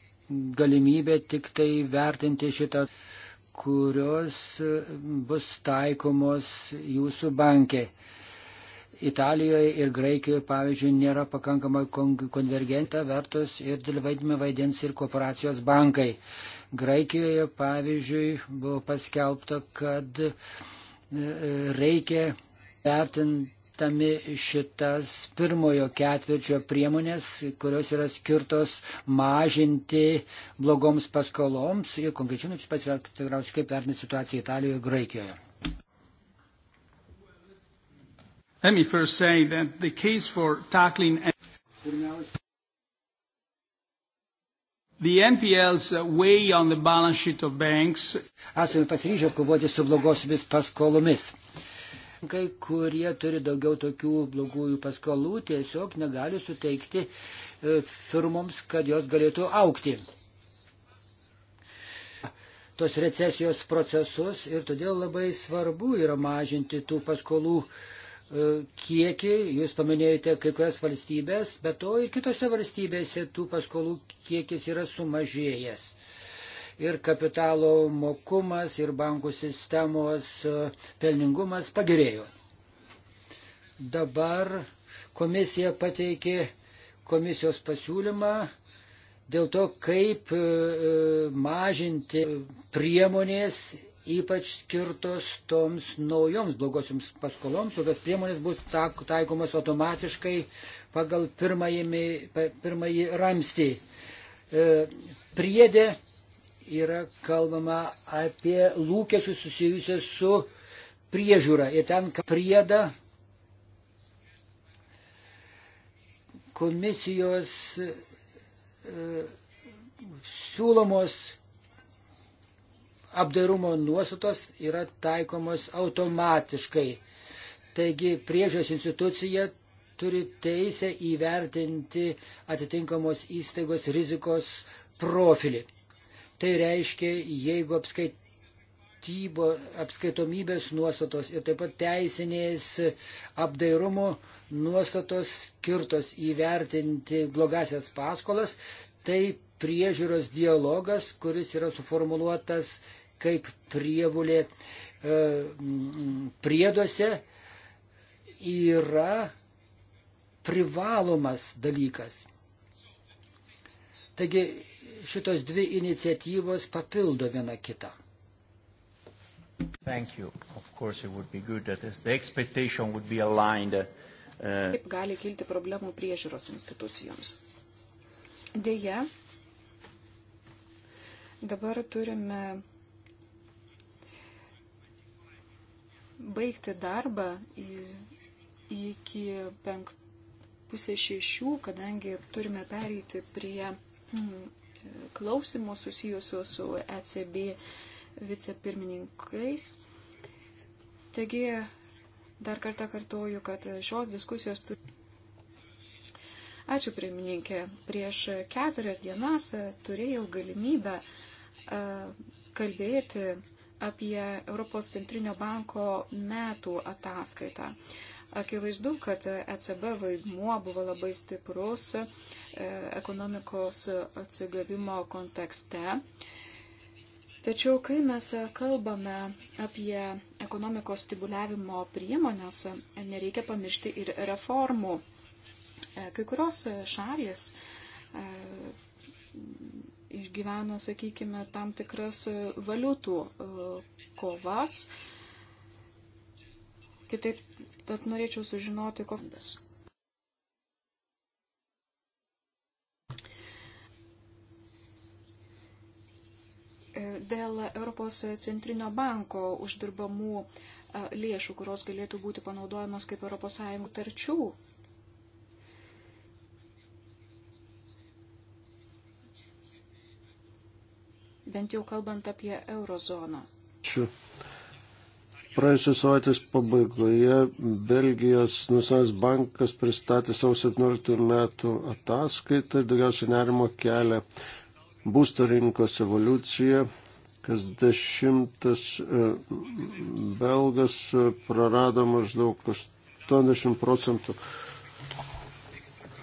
galimybė tik tai vertinti šitą, kurios bus taikomos jūsų bankė. Italijoje ir Graikijoje, pavyzdžiui, nėra pakankamai konvergenta vertus ir dėl vaidmenį vaidins ir korporacijos bankai. Graikijoje, pavyzdžiui, buvo paskelbta, kad e, reikia vertinti svarstami šitas pirmojo ketvirčio priemonės, kurios yra skirtos mažinti blogoms paskoloms ir konkrečiai jūs nu, pats tikriausiai kaip vertinate situaciją Italijoje ir Graikijoje. Tackling... Pirmiausia, The NPLs weigh on the balance sheet of banks. Esame pasiryžę kovoti su blogosiomis paskolomis. Kai kurie turi daugiau tokių blogųjų paskolų, tiesiog negali suteikti e, firmoms, kad jos galėtų aukti tos recesijos procesus ir todėl labai svarbu yra mažinti tų paskolų e, kiekį. Jūs paminėjote kai kurias valstybės, bet to ir kitose valstybėse tų paskolų kiekis yra sumažėjęs ir kapitalo mokumas, ir bankų sistemos e, pelningumas pagerėjo. Dabar komisija pateikė komisijos pasiūlymą dėl to, kaip e, e, mažinti priemonės ypač skirtos toms naujoms blogosioms paskoloms, o tas priemonės bus taikomas automatiškai pagal pirmąjį, pirmąjį ramstį. Priedė yra kalbama apie lūkesčius susijusius su priežiūra. Ir ten priedą komisijos e, siūlomos apdairumo nuostatos yra taikomos automatiškai. Taigi priežios institucija turi teisę įvertinti atitinkamos įstaigos rizikos profilį. Tai reiškia, jeigu apskaitybo, apskaitomybės nuostatos ir taip pat teisinės apdairumo nuostatos skirtos įvertinti blogasias paskolas, tai priežiūros dialogas, kuris yra suformuluotas kaip prievulė e, prieduose, yra privalomas dalykas. Taigi šitos dvi iniciatyvos papildo viena kitą. Thank you. Of course, it would be good that the expectation would be aligned. Uh, Kaip gali kilti problemų priežiūros institucijoms? Deja, dabar turime baigti darbą iki penk, pusės šešių, kadangi turime pereiti prie hmm, klausimų susijusių su ECB vicepirmininkais. Taigi, dar kartą kartuoju, kad šios diskusijos turi. Ačiū, pirmininkė. Prieš keturias dienas turėjau galimybę e, kalbėti apie Europos centrinio banko metų ataskaitą. Akivaizdu, kad ECB vaidmuo buvo labai stiprus e, ekonomikos atsigavimo kontekste. Tačiau, kai mes kalbame apie ekonomikos stimuliavimo priemonės, nereikia pamiršti ir reformų. E, kai kurios šalis e, išgyvena, sakykime, tam tikras valiutų kovas, Kitaip, tad norėčiau sužinoti, kokias. Dėl Europos centrinio banko uždirbamų e, lėšų, kurios galėtų būti panaudojamos kaip ES tarčių. Bent jau kalbant apie eurozoną. Ačiū. Praėjusios savaitės pabaigoje Belgijos Nacionalinis bankas pristatė savo 17 metų ataskaitą ir daugiausiai nerimo kelia būsto rinkos evoliucija. Kas dešimtas e, belgas e, prarado maždaug 80 procentų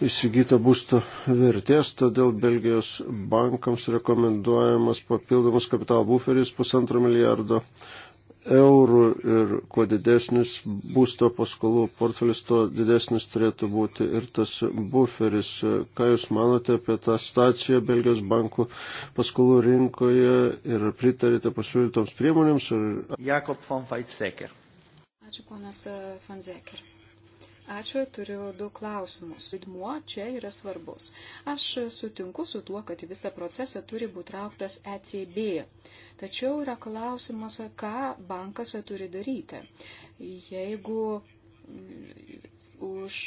įsigyta būsto vertės, todėl Belgijos bankams rekomenduojamas papildomas kapitalo buferis pusantro milijardo eurų eurų ir kuo didesnis būsto paskolų portfelis, tuo didesnis turėtų būti ir tas buferis. Ką Jūs manote apie tą staciją Belgijos bankų paskolų rinkoje ir pritarite pasiūlytoms priemonėms? Ar... Jakob von Weizsäcker. Ačiū, ponas eh, von Zeker. Ačiū, turiu du klausimus. Vaidmuo čia yra svarbus. Aš sutinku su tuo, kad į visą procesą turi būti trauktas ECB. Tačiau yra klausimas, ką bankas turi daryti. Jeigu mm, už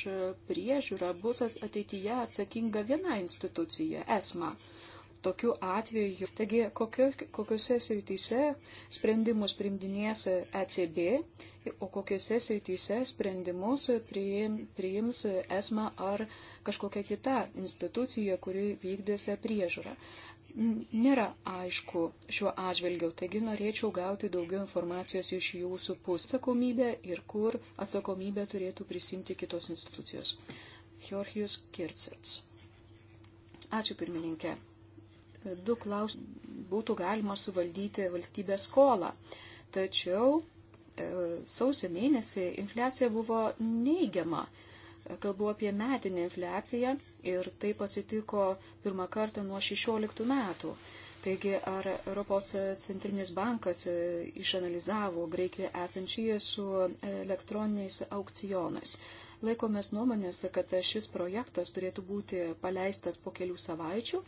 priežiūrą bus ateityje atsakinga viena institucija - ESMA tokiu atveju. Taigi, kokio, kokiuose srityse sprendimus primdinės ECB o kokiuose srityse sprendimus priims esma ar kažkokia kita institucija, kuri vykdėse priežiūrą. Nėra aišku šiuo atžvilgiu, taigi norėčiau gauti daugiau informacijos iš jūsų pusės atsakomybę ir kur atsakomybę turėtų prisimti kitos institucijos. Georgijus Kircets. Ačiū pirmininkė. Du klausimus būtų galima suvaldyti valstybės skolą. Tačiau E, sausio mėnesį infliacija buvo neigiama. Kalbu apie metinę infliaciją ir taip atsitiko pirmą kartą nuo 16 metų. Taigi, ar Europos centrinis bankas e, išanalizavo Graikijoje esančiai su elektroniniais aukcionais? Laikomės nuomonės, kad šis projektas turėtų būti paleistas po kelių savaičių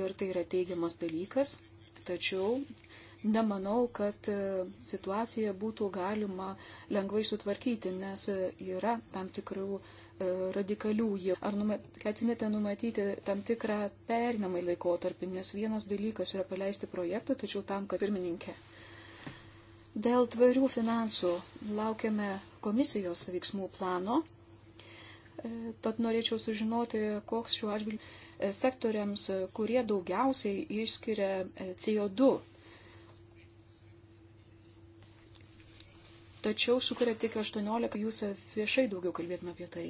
ir tai yra teigiamas dalykas, tačiau nemanau, kad e, situaciją būtų galima lengvai sutvarkyti, nes e, yra tam tikrų e, radikalių jie. Ar numat, ketinate numatyti tam tikrą perinamai laikotarpį, nes vienas dalykas yra paleisti projektą, tačiau tam, kad pirmininkė. Dėl tvarių finansų laukiame komisijos veiksmų plano. Tad norėčiau sužinoti, koks šiuo atžvilgiu sektoriams, kurie daugiausiai išskiria CO2 tačiau sukuria tik 18, jūs viešai daugiau kalbėtume apie tai.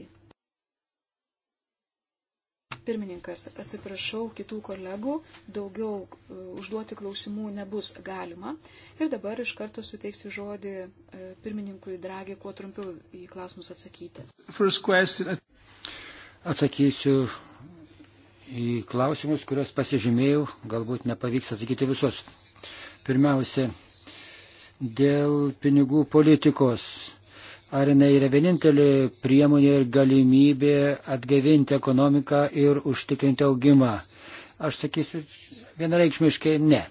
Pirmininkas, atsiprašau kitų kolegų, daugiau e, užduoti klausimų nebus galima. Ir dabar iš karto suteiksiu žodį e, pirmininkui Dragi, kuo trumpiau į klausimus atsakyti. Atsakysiu į klausimus, kuriuos pasižymėjau, galbūt nepavyks atsakyti visus. Pirmiausia, dėl pinigų politikos. Ar jinai yra vienintelė priemonė ir galimybė atgaivinti ekonomiką ir užtikrinti augimą? Aš sakysiu vienareikšmiškai ne.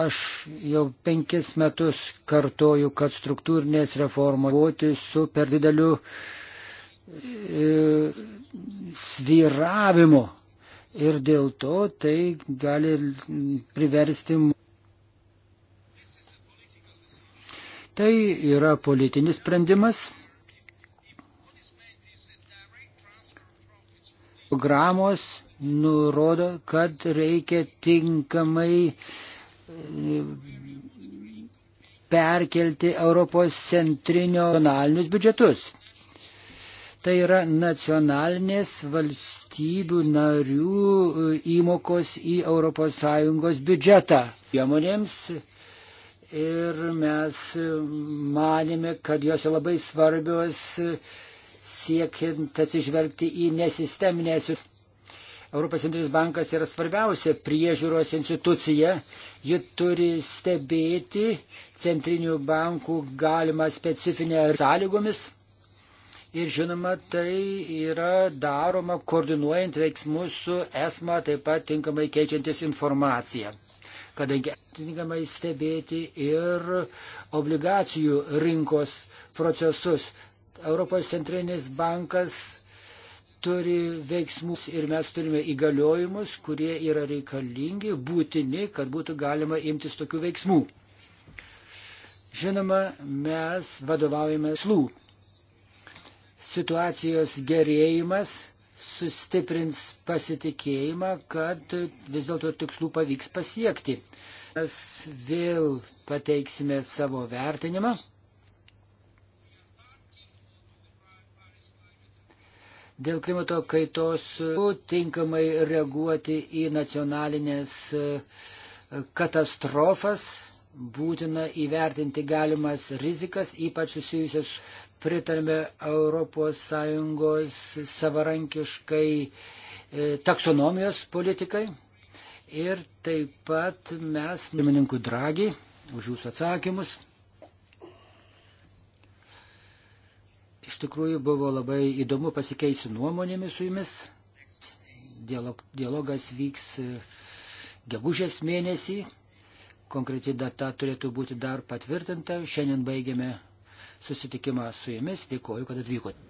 Aš jau penkis metus kartoju, kad struktūrinės reformos būti su per dideliu e, svyravimo. Ir dėl to tai gali priversti Tai yra politinis sprendimas. Programos nurodo, kad reikia tinkamai e, perkelti Europos centrinio nacionalinius biudžetus. Tai yra nacionalinės valstybių narių e, įmokos į ES biudžetą. Priemonėms ir mes manėme, kad jos yra labai svarbios siekiant atsižvelgti į nesisteminės. Europos centrinis bankas yra svarbiausia priežiūros institucija. Ji turi stebėti centrinių bankų galimą specifinę sąlygomis. Ir žinoma, tai yra daroma koordinuojant veiksmus su ESMA, taip pat tinkamai keičiantis informaciją kadangi atitinkamai stebėti ir obligacijų rinkos procesus. Europos centrinis bankas turi veiksmus ir mes turime įgaliojimus, kurie yra reikalingi, būtini, kad būtų galima imtis tokių veiksmų. Žinoma, mes vadovaujame slų. Situacijos gerėjimas sustiprins pasitikėjimą, kad vis dėlto tikslų pavyks pasiekti. Mes vėl pateiksime savo vertinimą. Dėl klimato kaitos tinkamai reaguoti į nacionalinės katastrofas būtina įvertinti galimas rizikas, ypač susijusias pritarme ES savarankiškai e, taksonomijos politikai. Ir taip pat mes, pirmininkų Dragi, už jūsų atsakymus. Iš tikrųjų buvo labai įdomu pasikeisti nuomonėmis su jumis. Dialog, dialogas vyks e, gegužės mėnesį konkreti data turėtų būti dar patvirtinta. Šiandien baigėme susitikimą su jumis. Dėkuoju, kad atvykote.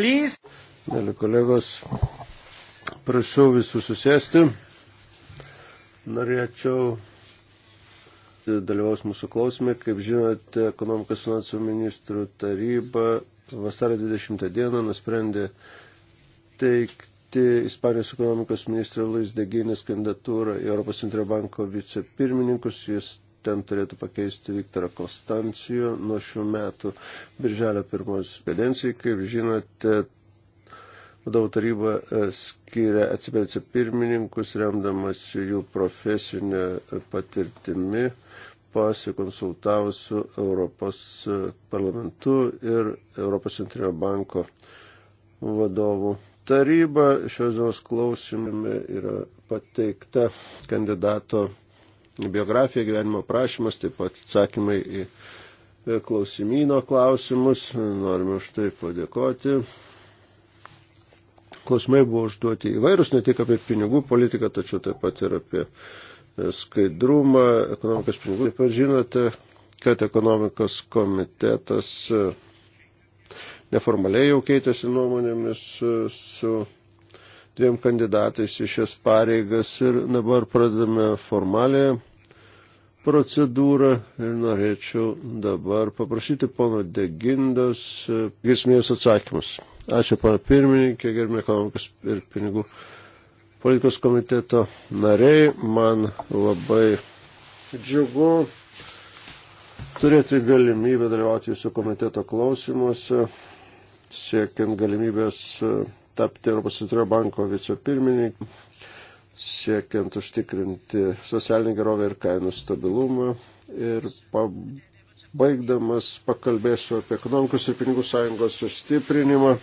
please. Mėly kolegos, prašau visus susėsti. Norėčiau dalyvaus mūsų klausime. Kaip žinote, ekonomikos finansų ministrų taryba vasario 20 dieną nusprendė teikti Ispanijos ekonomikos ministrą Luis Deginės kandidatūrą į Europos centrinio banko vicepirmininkus. Jis ten turėtų pakeisti Viktorą Konstancijų nuo šių metų birželio pirmos kadencijai. Kaip žinote, vadovų taryba e, skiria atsipelcę pirmininkus, remdamas jų profesinę patirtimi, pasikonsultavus su Europos parlamentu ir Europos centrinio banko vadovų taryba šios dienos klausimime yra pateikta kandidato biografija, gyvenimo prašymas, taip pat atsakymai į e, klausimyno klausimus. Norime už tai padėkoti. Klausimai buvo užduoti įvairūs, ne tik apie pinigų politiką, tačiau taip pat ir apie e, skaidrumą, ekonomikos pinigų. Taip pat žinote, kad ekonomikos komitetas e, neformaliai jau keitėsi nuomonėmis su dviem kandidatais į šias pareigas ir dabar pradedame formalę procedūrą ir norėčiau dabar paprašyti pono Degindos e, grėsmės atsakymus. Ačiū pana pirmininkė, gerbė ekonomikos ir pinigų politikos komiteto nariai. Man labai džiugu turėti galimybę dalyvauti jūsų komiteto klausimuose, siekiant galimybės e, tapti Europos Centrinio banko vicepirmininku siekiant užtikrinti socialinį gerovę ir kainų stabilumą. Ir baigdamas pakalbėsiu apie ekonomikos ir pinigų sąjungos sustiprinimą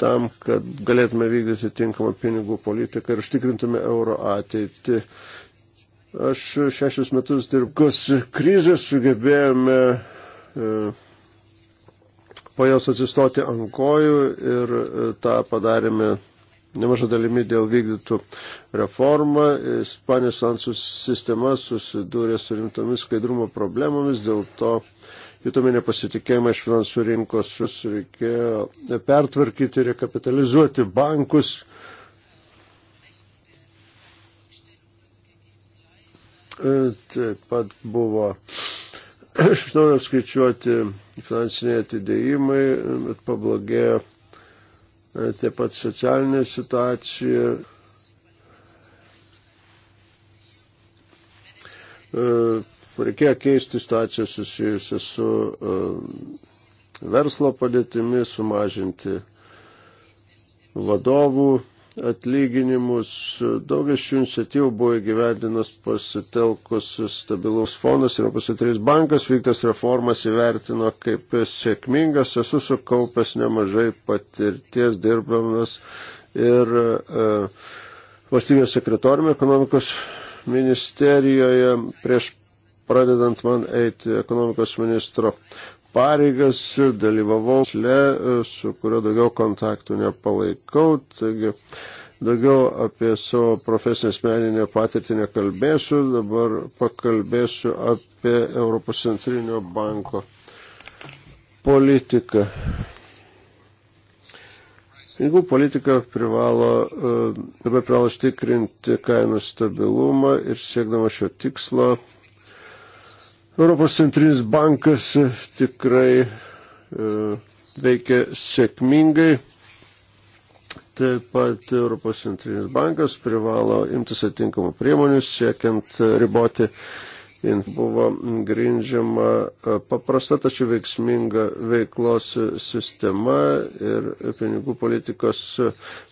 tam, kad galėtume vykdyti tinkamą pinigų politiką ir užtikrintume euro ateitį. Aš šešius metus dirbus krizės sugebėjome e, po jos atsistoti ant kojų ir e, tą padarėme nemaža dalimi dėl vykdytų reformą. Ispanijos ansų sistema susidūrė su rimtomis skaidrumo problemomis, dėl to jutome nepasitikėjimą iš finansų rinkos, reikėjo pertvarkyti, rekapitalizuoti bankus. Taip pat buvo (clears throat) iš naujo apskaičiuoti finansiniai atidėjimai, bet pablogėjo E, taip pat socialinė situacija. E, reikėjo keisti situaciją susijusią su e, verslo padėtimi, sumažinti vadovų atlyginimus. Daugias šių iniciatyvų buvo įgyvendinas pasitelkus stabilus fondas ir pasitrys bankas vyktas reformas įvertino kaip sėkmingas. Esu sukaupęs nemažai patirties dirbamas ir e, valstybės sekretoriumi ekonomikos ministerijoje prieš pradedant man eiti ekonomikos ministro pareigas, dalyvavau le, e, su kurio daugiau kontaktų nepalaikau, taigi daugiau apie savo profesinę asmeninę patirtį nekalbėsiu, dabar pakalbėsiu apie Europos centrinio banko politiką. Pinigų politika privalo, e, dabar privalo užtikrinti kainų stabilumą ir siekdama šio tikslo Europos centrinis bankas e, tikrai e, veikia sėkmingai. Taip pat Europos centrinis bankas privalo imtis atinkamų priemonių siekiant riboti uh, buvo grindžiama e, paprasta tačiau veiksminga veiklos sistema ir pinigų politikos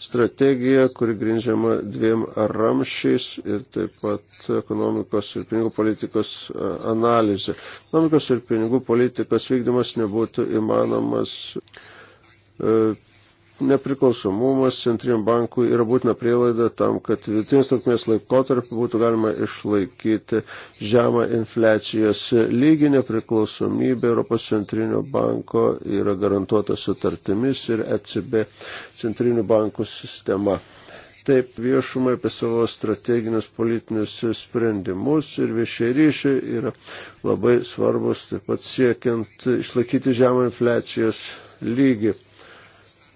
strategija, kuri grindžiama dviem ramšiais ir taip pat ekonomikos ir pinigų politikos e, analizė. Ekonomikos ir pinigų politikos vykdymas nebūtų įmanomas e, Nepriklausomumas centriniam bankui yra būtina prielaida tam, kad vidutinės trukmės laikotarpį būtų galima išlaikyti žemą infliacijos lygį. Nepriklausomybė Europos centrinio banko yra garantuota sutartimis ir ECB centrinių bankų sistema. Taip viešumai apie savo strateginius politinius sprendimus ir viešiai ryšiai yra labai svarbus, taip pat siekiant išlaikyti žemą infliacijos lygį.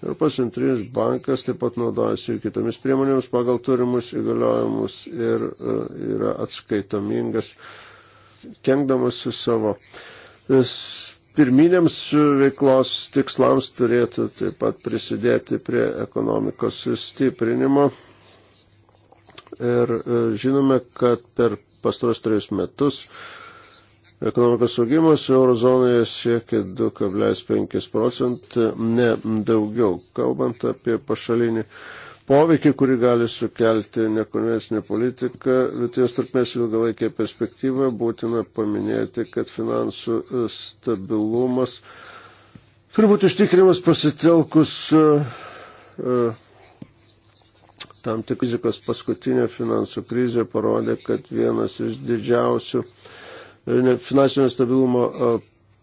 Europos centrinis bankas taip pat naudojasi ir kitomis priemonėmis pagal turimus įgaliojimus ir e, yra atskaitomingas, kengdamas su savo e, pirminiams veiklos tikslams turėtų taip pat prisidėti prie ekonomikos stiprinimo. Ir e, žinome, kad per pastarus trejus metus uh, Ekonomikos augimas eurozonoje siekia 2,5 procentų, ne daugiau. Kalbant apie pašalinį poveikį, kurį gali sukelti nekonvencinė politika, vietijos tarpmės ilgalaikėje perspektyvoje būtina paminėti, kad finansų stabilumas turi būti ištikrinimas pasitelkus e, e, tam tikrizikas paskutinė finansų krizė parodė, kad vienas iš didžiausių uh, finansinio stabilumo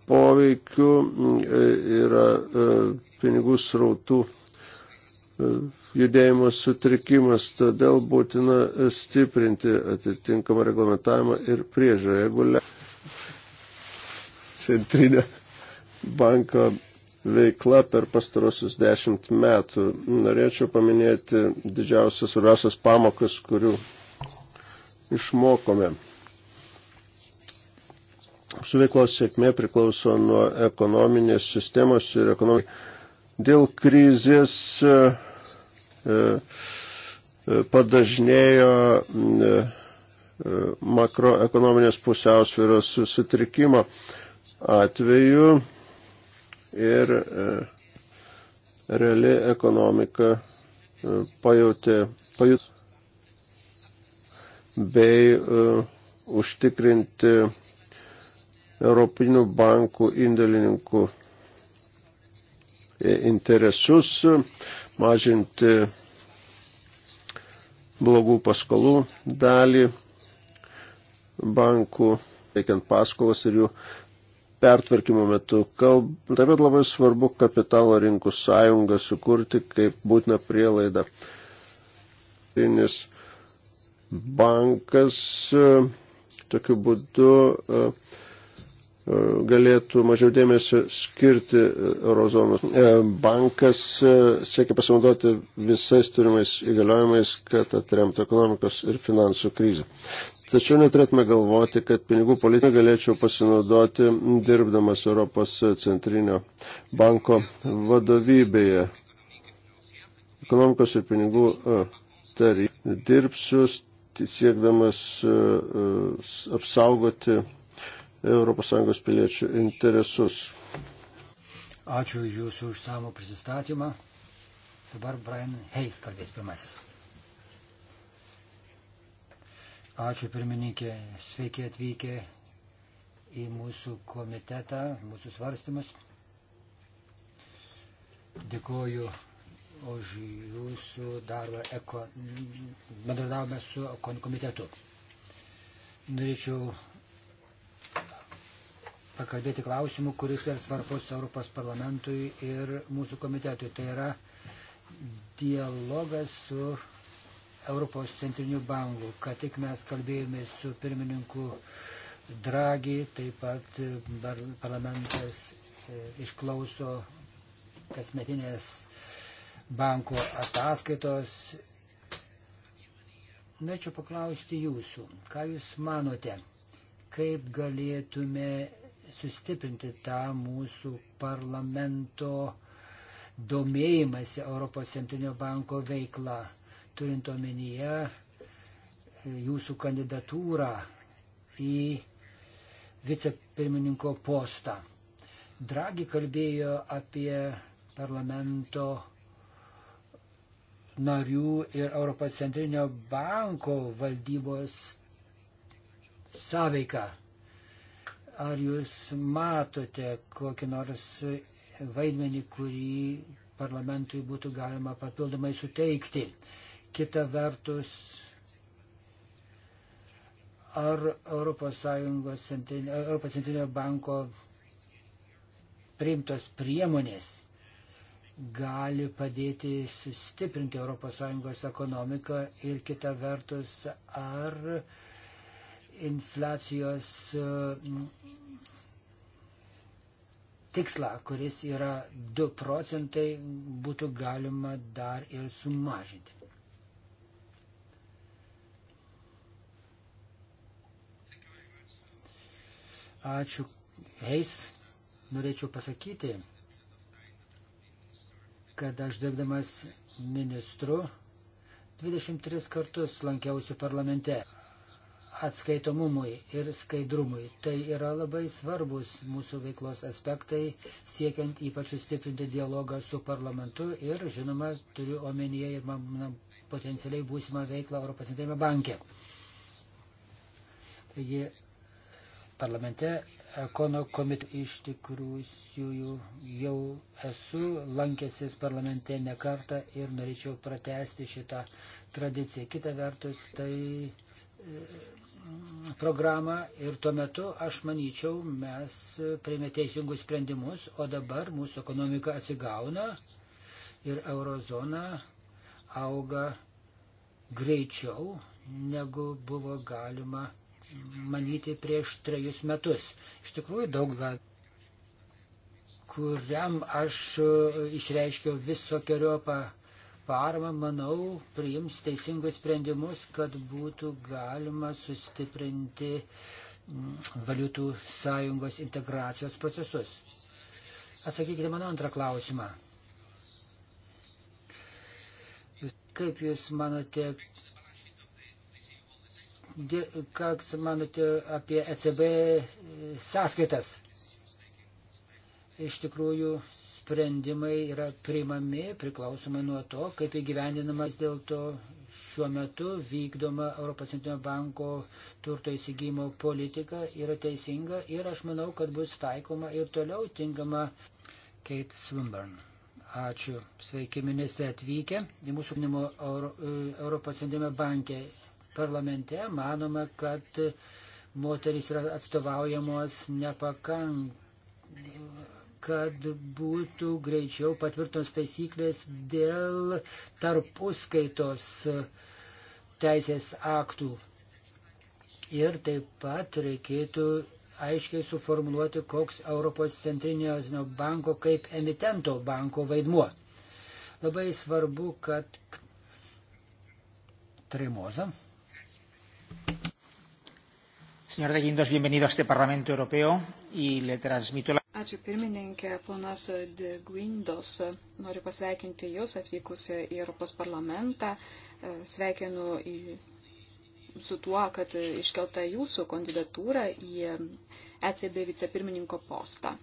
poveikiu e, yra e, pinigų srautų e, judėjimo sutrikimas, todėl būtina stiprinti atitinkamą reglamentavimą ir priežiūrą. Jeigu le... centrinė banko veikla per pastarosius dešimt metų, norėčiau paminėti didžiausias svarbiausias pamokas, kurių išmokome. Su veiklos sėkmė priklauso nuo ekonominės sistemos ir ekonomikos. Dėl krizės e, e, padažnėjo e, makroekonominės pusiausvėros sutrikimo atveju ir reali ekonomika pajutė, pajut bei uh, užtikrinti Europinių bankų indėlininkų e, interesus, mažinti blogų paskolų dalį bankų, teikiant paskolas ir jų pertvarkymo metu. Kalb... Taip pat labai svarbu kapitalo rinkų sąjungą sukurti kaip būtina prielaida. Rinis bankas e, tokiu būdu uh, E, galėtų mažiau dėmesio skirti eurozonos. E, bankas e, siekia pasinaudoti visais turimais įgaliojimais, kad atremtų ekonomikos ir finansų krizę. Tačiau neturėtume galvoti, kad pinigų politiką galėčiau pasinaudoti dirbdamas Europos centrinio banko vadovybėje. Ekonomikos ir pinigų taryba dirbsiu siekdamas apsaugoti ES piliečių interesus. Ačiū už Jūsų užsamų prisistatymą. Dabar Brian Hayes kalbės pirmasis. Ačiū pirmininkė, sveiki atvykę į mūsų komitetą, mūsų svarstymus. Dėkoju už jūsų darbą, eko... bendradavome su komitetu. Norėčiau pakalbėti klausimų, kuris yra svarbus Europos parlamentui ir mūsų komitetui. Tai yra dialogas su Europos centriniu banku. Ką tik mes kalbėjome su pirmininku Dragi, taip pat parlamentas e, išklauso kasmetinės banko ataskaitos. Norėčiau paklausti jūsų, ką jūs manote, kaip galėtume sustiprinti tą mūsų parlamento domėjimąsi Europos centrinio banko veikla, turint omenyje e, jūsų kandidatūrą į vicepirmininko postą. Dragi kalbėjo apie parlamento narių ir Europos centrinio banko valdybos sąveiką. Ar jūs matote kokį nors vaidmenį, kurį parlamentui būtų galima papildomai suteikti? Kita vertus, ar Europos, centrinio, Europos centrinio banko priimtos priemonės gali padėti sustiprinti ES ekonomiką ir kita vertus, ar uh, infliacijos e, tikslą, kuris yra 2 procentai, būtų galima dar ir sumažinti. Ačiū, Heis. Norėčiau pasakyti, kad aš dirbdamas ministru 23 kartus lankiausi parlamente atskaitomumui ir skaidrumui. Tai yra labai svarbus mūsų veiklos aspektai, siekiant ypač sustiprinti dialogą su parlamentu ir, žinoma, turiu omenyje ir mano potencialiai būsimą veiklą Europos centrinėme banke. Taigi, parlamente Ekono komitetų iš tikrųjų jau esu lankęsis parlamente ne kartą ir norėčiau pratesti šitą tradiciją. Kita vertus, tai programą ir tuo metu, aš manyčiau, mes priėmė teisingus sprendimus, o dabar mūsų ekonomika atsigauna ir eurozona auga greičiau, negu buvo galima manyti prieš trejus metus. Iš tikrųjų, daug gal kuriam aš išreiškiau visokiojopą paramą, manau, priims teisingus sprendimus, kad būtų galima sustiprinti mm, valiutų sąjungos integracijos procesus. Atsakykite mano antrą klausimą. Kaip Jūs manote, ką manote apie ECB sąskaitas? Iš tikrųjų, sprendimai yra priimami priklausomai nuo to, kaip įgyvendinamas dėl to šiuo metu vykdoma Europos Centrinio banko turto įsigymo politika yra teisinga ir aš manau, kad bus taikoma ir toliau tinkama Kate Swinburne. Ačiū. Sveiki, ministrė atvykę į mūsų knimo e, Europos Centrinio bankė parlamente. Manoma, kad moteris yra atstovaujamos nepakankamai kad būtų greičiau patvirtos taisyklės dėl tarpuskaitos teisės aktų. Ir taip pat reikėtų aiškiai suformuoluoti, koks Europos centrinio banko kaip emitento banko vaidmuo. Labai svarbu, kad Tremosa. Señor de Guindos, bienvenido a este Parlamento Europeo y le transmito la. Ačiū pirmininkė, ponas De Guindos. Noriu pasveikinti Jūs atvykusią į Europos parlamentą. E, sveikinu į, su tuo, kad iškelta Jūsų kandidatūra į ECB vicepirmininko postą.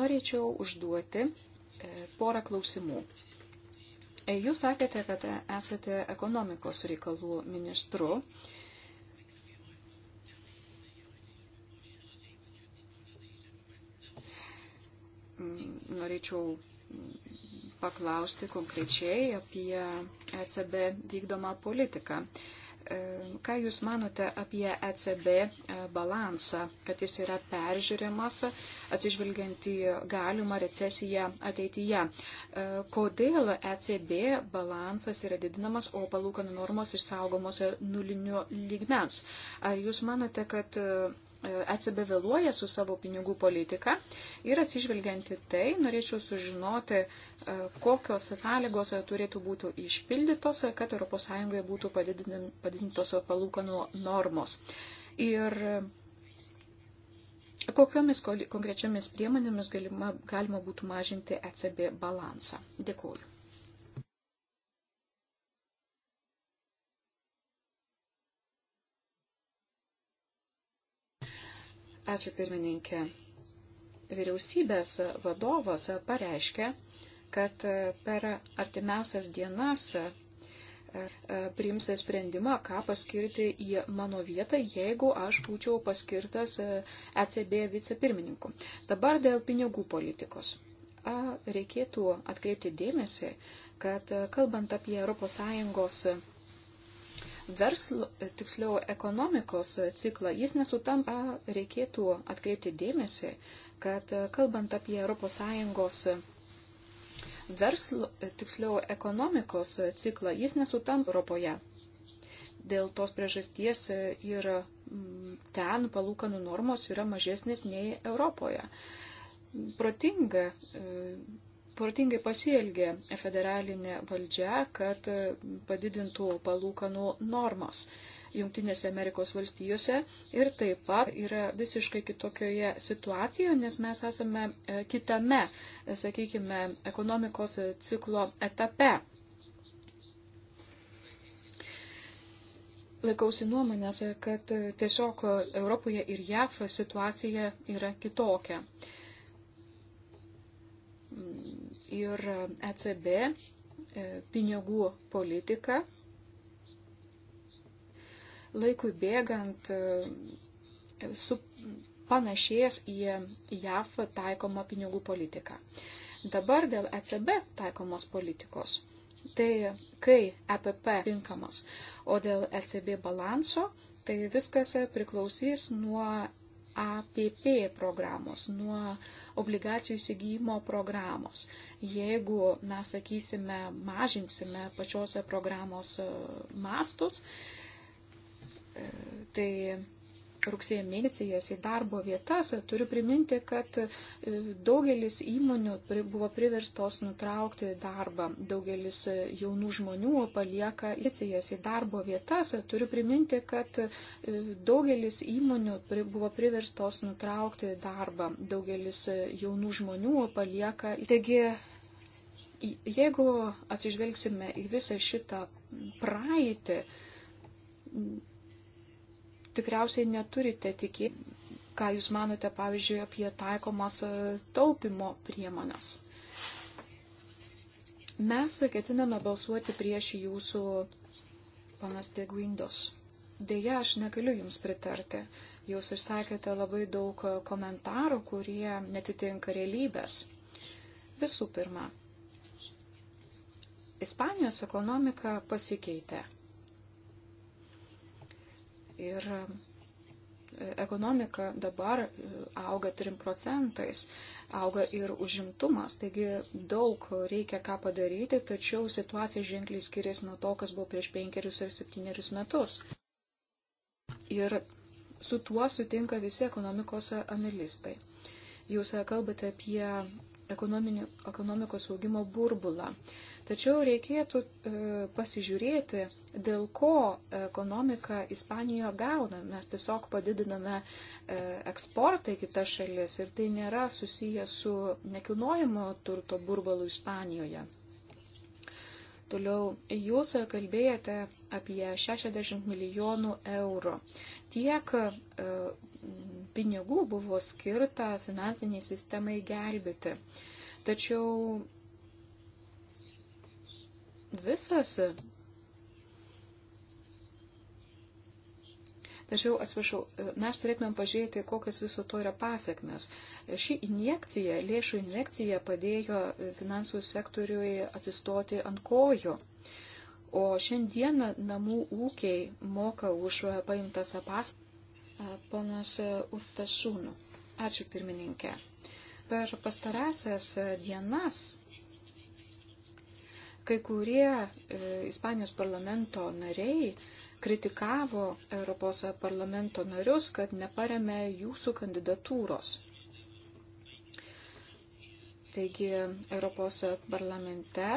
Norėčiau užduoti e, porą klausimų. E, Jūs sakėte, kad esate ekonomikos reikalų ministru. norėčiau paklausti konkrečiai apie ECB vykdomą politiką. E, ką Jūs manote apie ECB e, balansą, kad jis yra peržiūrimas atsižvelgiant į galimą recesiją ateityje? E, kodėl ECB balansas yra didinamas, o palūkanų normos išsaugomos nulinio lygmens? Ar Jūs manote, kad ECB vėluoja su savo pinigų politika ir atsižvelgianti tai, norėčiau sužinoti, e, kokios sąlygos turėtų būti išpildytos, kad ES būtų padidintos palūkanų normos. Ir kokiomis konkrečiamis priemonėmis galima, galima būtų mažinti ECB balansą. Dėkuoju. Ačiū pirmininkė. Vyriausybės vadovas pareiškė, kad per artimiausias dienas e, e, priims sprendimą, ką paskirti į mano vietą, jeigu aš būčiau paskirtas ECB e vicepirmininku. Dabar dėl pinigų politikos. Reikėtų atkreipti dėmesį, kad kalbant apie ES verslo, tiksliau ekonomikos ciklą, jis nesutampa, reikėtų atkreipti dėmesį, kad e, kalbant apie ES verslo, e, tiksliau ekonomikos ciklą, jis nesutampa Europoje. Dėl tos priežasties e, ir ten palūkanų normos yra mažesnės nei Europoje. Protinga protingai pasielgė federalinė valdžia, kad padidintų palūkanų normas Junktinėse Amerikos valstijose ir taip pat yra visiškai kitokioje situacijoje, nes mes esame e, kitame, e, sakykime, ekonomikos ciklo etape. Laikausi nuomonės, kad tiesiog Europoje ir JAF situacija yra kitokia ir ECB e, pinigų politika. Laikui bėgant e, su panašės į JAF taikomą pinigų politiką. Dabar dėl ECB taikomos politikos. Tai kai EPP tinkamas, o dėl ECB balanso, tai viskas priklausys nuo APP programos, nuo obligacijų įsigijimo programos. Jeigu mes, sakysime, mažinsime pačios programos e, mastus, e, tai rugsėjo mėnesį jas į darbo vietas, turiu priminti, kad e, daugelis įmonių buvo priverstos nutraukti darbą, daugelis e, jaunų žmonių palieka licijas į darbo vietas, turiu priminti, kad e, daugelis įmonių buvo priverstos nutraukti darbą, daugelis jaunų žmonių palieka. Taigi, jeigu atsižvelgsime į visą šitą praeitį, tikriausiai neturite tikėti, ką jūs manote, pavyzdžiui, apie taikomas e, taupimo priemonės. Mes ketiname balsuoti prieš jūsų panas Deguindos. Deja, aš negaliu jums pritarti. Jūs išsakėte labai daug komentarų, kurie netitinka realybės. Visų pirma, Ispanijos ekonomika pasikeitė. Ir e, ekonomika dabar e, auga 3 procentais, auga ir užimtumas, taigi daug reikia ką padaryti, tačiau situacija ženkliai skiriasi nuo to, kas buvo prieš penkerius ar septynerius metus. Ir su tuo sutinka visi ekonomikos analistai. Jūs e, kalbate apie ekonomikos augimo burbulą. Tačiau reikėtų e, pasižiūrėti, dėl ko ekonomika Ispanijoje gauna. Mes tiesiog padidiname e, eksportą į kitas šalis ir tai nėra susiję su nekilnojimo turto burbulu Ispanijoje. Toliau, jūs kalbėjote apie 60 milijonų eurų. Tiek e, pinigų buvo skirta finansiniai sistemai gelbėti. Tačiau visas Tačiau, atsiprašau, e, mes turėtumėm pažiūrėti, kokias viso to yra pasiekmes. E, ši injekcija, lėšų injekcija padėjo e, finansų sektoriui atsistoti ant kojų. O šiandieną namų ūkiai moka už paimtas apas ponas Urtašūnų. Ačiū pirmininkė. Per pastarąsias dienas kai kurie e, Ispanijos parlamento nariai kritikavo Europos parlamento narius, kad neparemė jūsų kandidatūros. Taigi Europos parlamente e,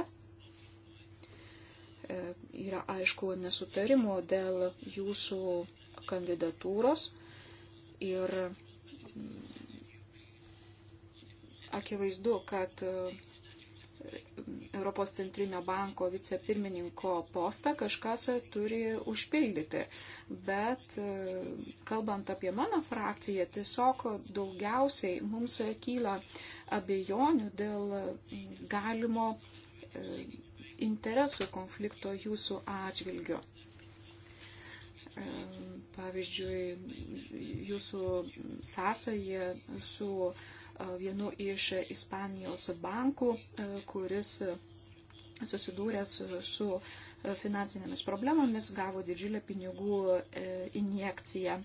yra aišku nesutarimo dėl jūsų kandidatūros ir akivaizdu, kad Europos centrinio banko vicepirmininko postą kažkas turi užpildyti. Bet e, kalbant apie mano frakciją, tiesiog daugiausiai mums kyla abejonių dėl galimo e, interesų konflikto jūsų atžvilgiu. E, pavyzdžiui, jūsų sąsąją su vienu iš Ispanijos bankų, kuris susidūręs su finansinėmis problemomis gavo didžiulę pinigų e, injekciją.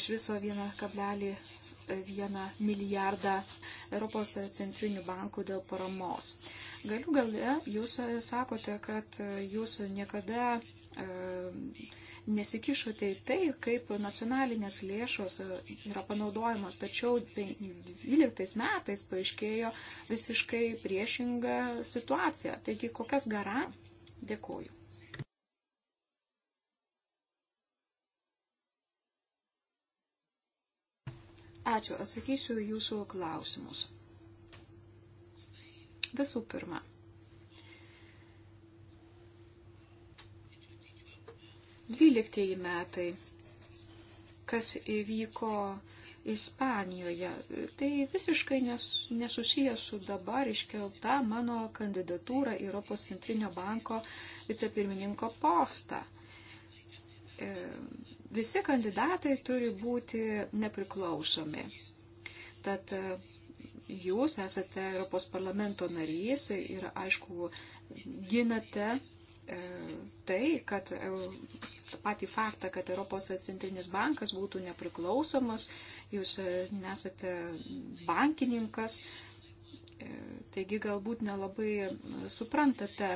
Iš viso 1,1 milijardą Europos centrinių bankų dėl paramos. Galiu gale, jūs e, sakote, kad e, jūs niekada nesikišote tai į tai, kaip nacionalinės lėšos e, yra panaudojamos, tačiau 12 metais paaiškėjo visiškai priešinga situacija. Taigi, kokias gara? Dėkuoju. Ačiū, atsakysiu jūsų klausimus. Visų pirma, 12 metai, kas įvyko Ispanijoje. Tai visiškai nes, nesusijęs su dabar iškelta mano kandidatūra Europos centrinio banko vicepirmininko postą. E, visi kandidatai turi būti nepriklausomi. Tad e, jūs esate Europos parlamento narys ir, aišku, ginate E, tai, kad e, patį faktą, kad Europos centrinis bankas būtų nepriklausomas, jūs e, nesate bankininkas, taigi galbūt nelabai suprantate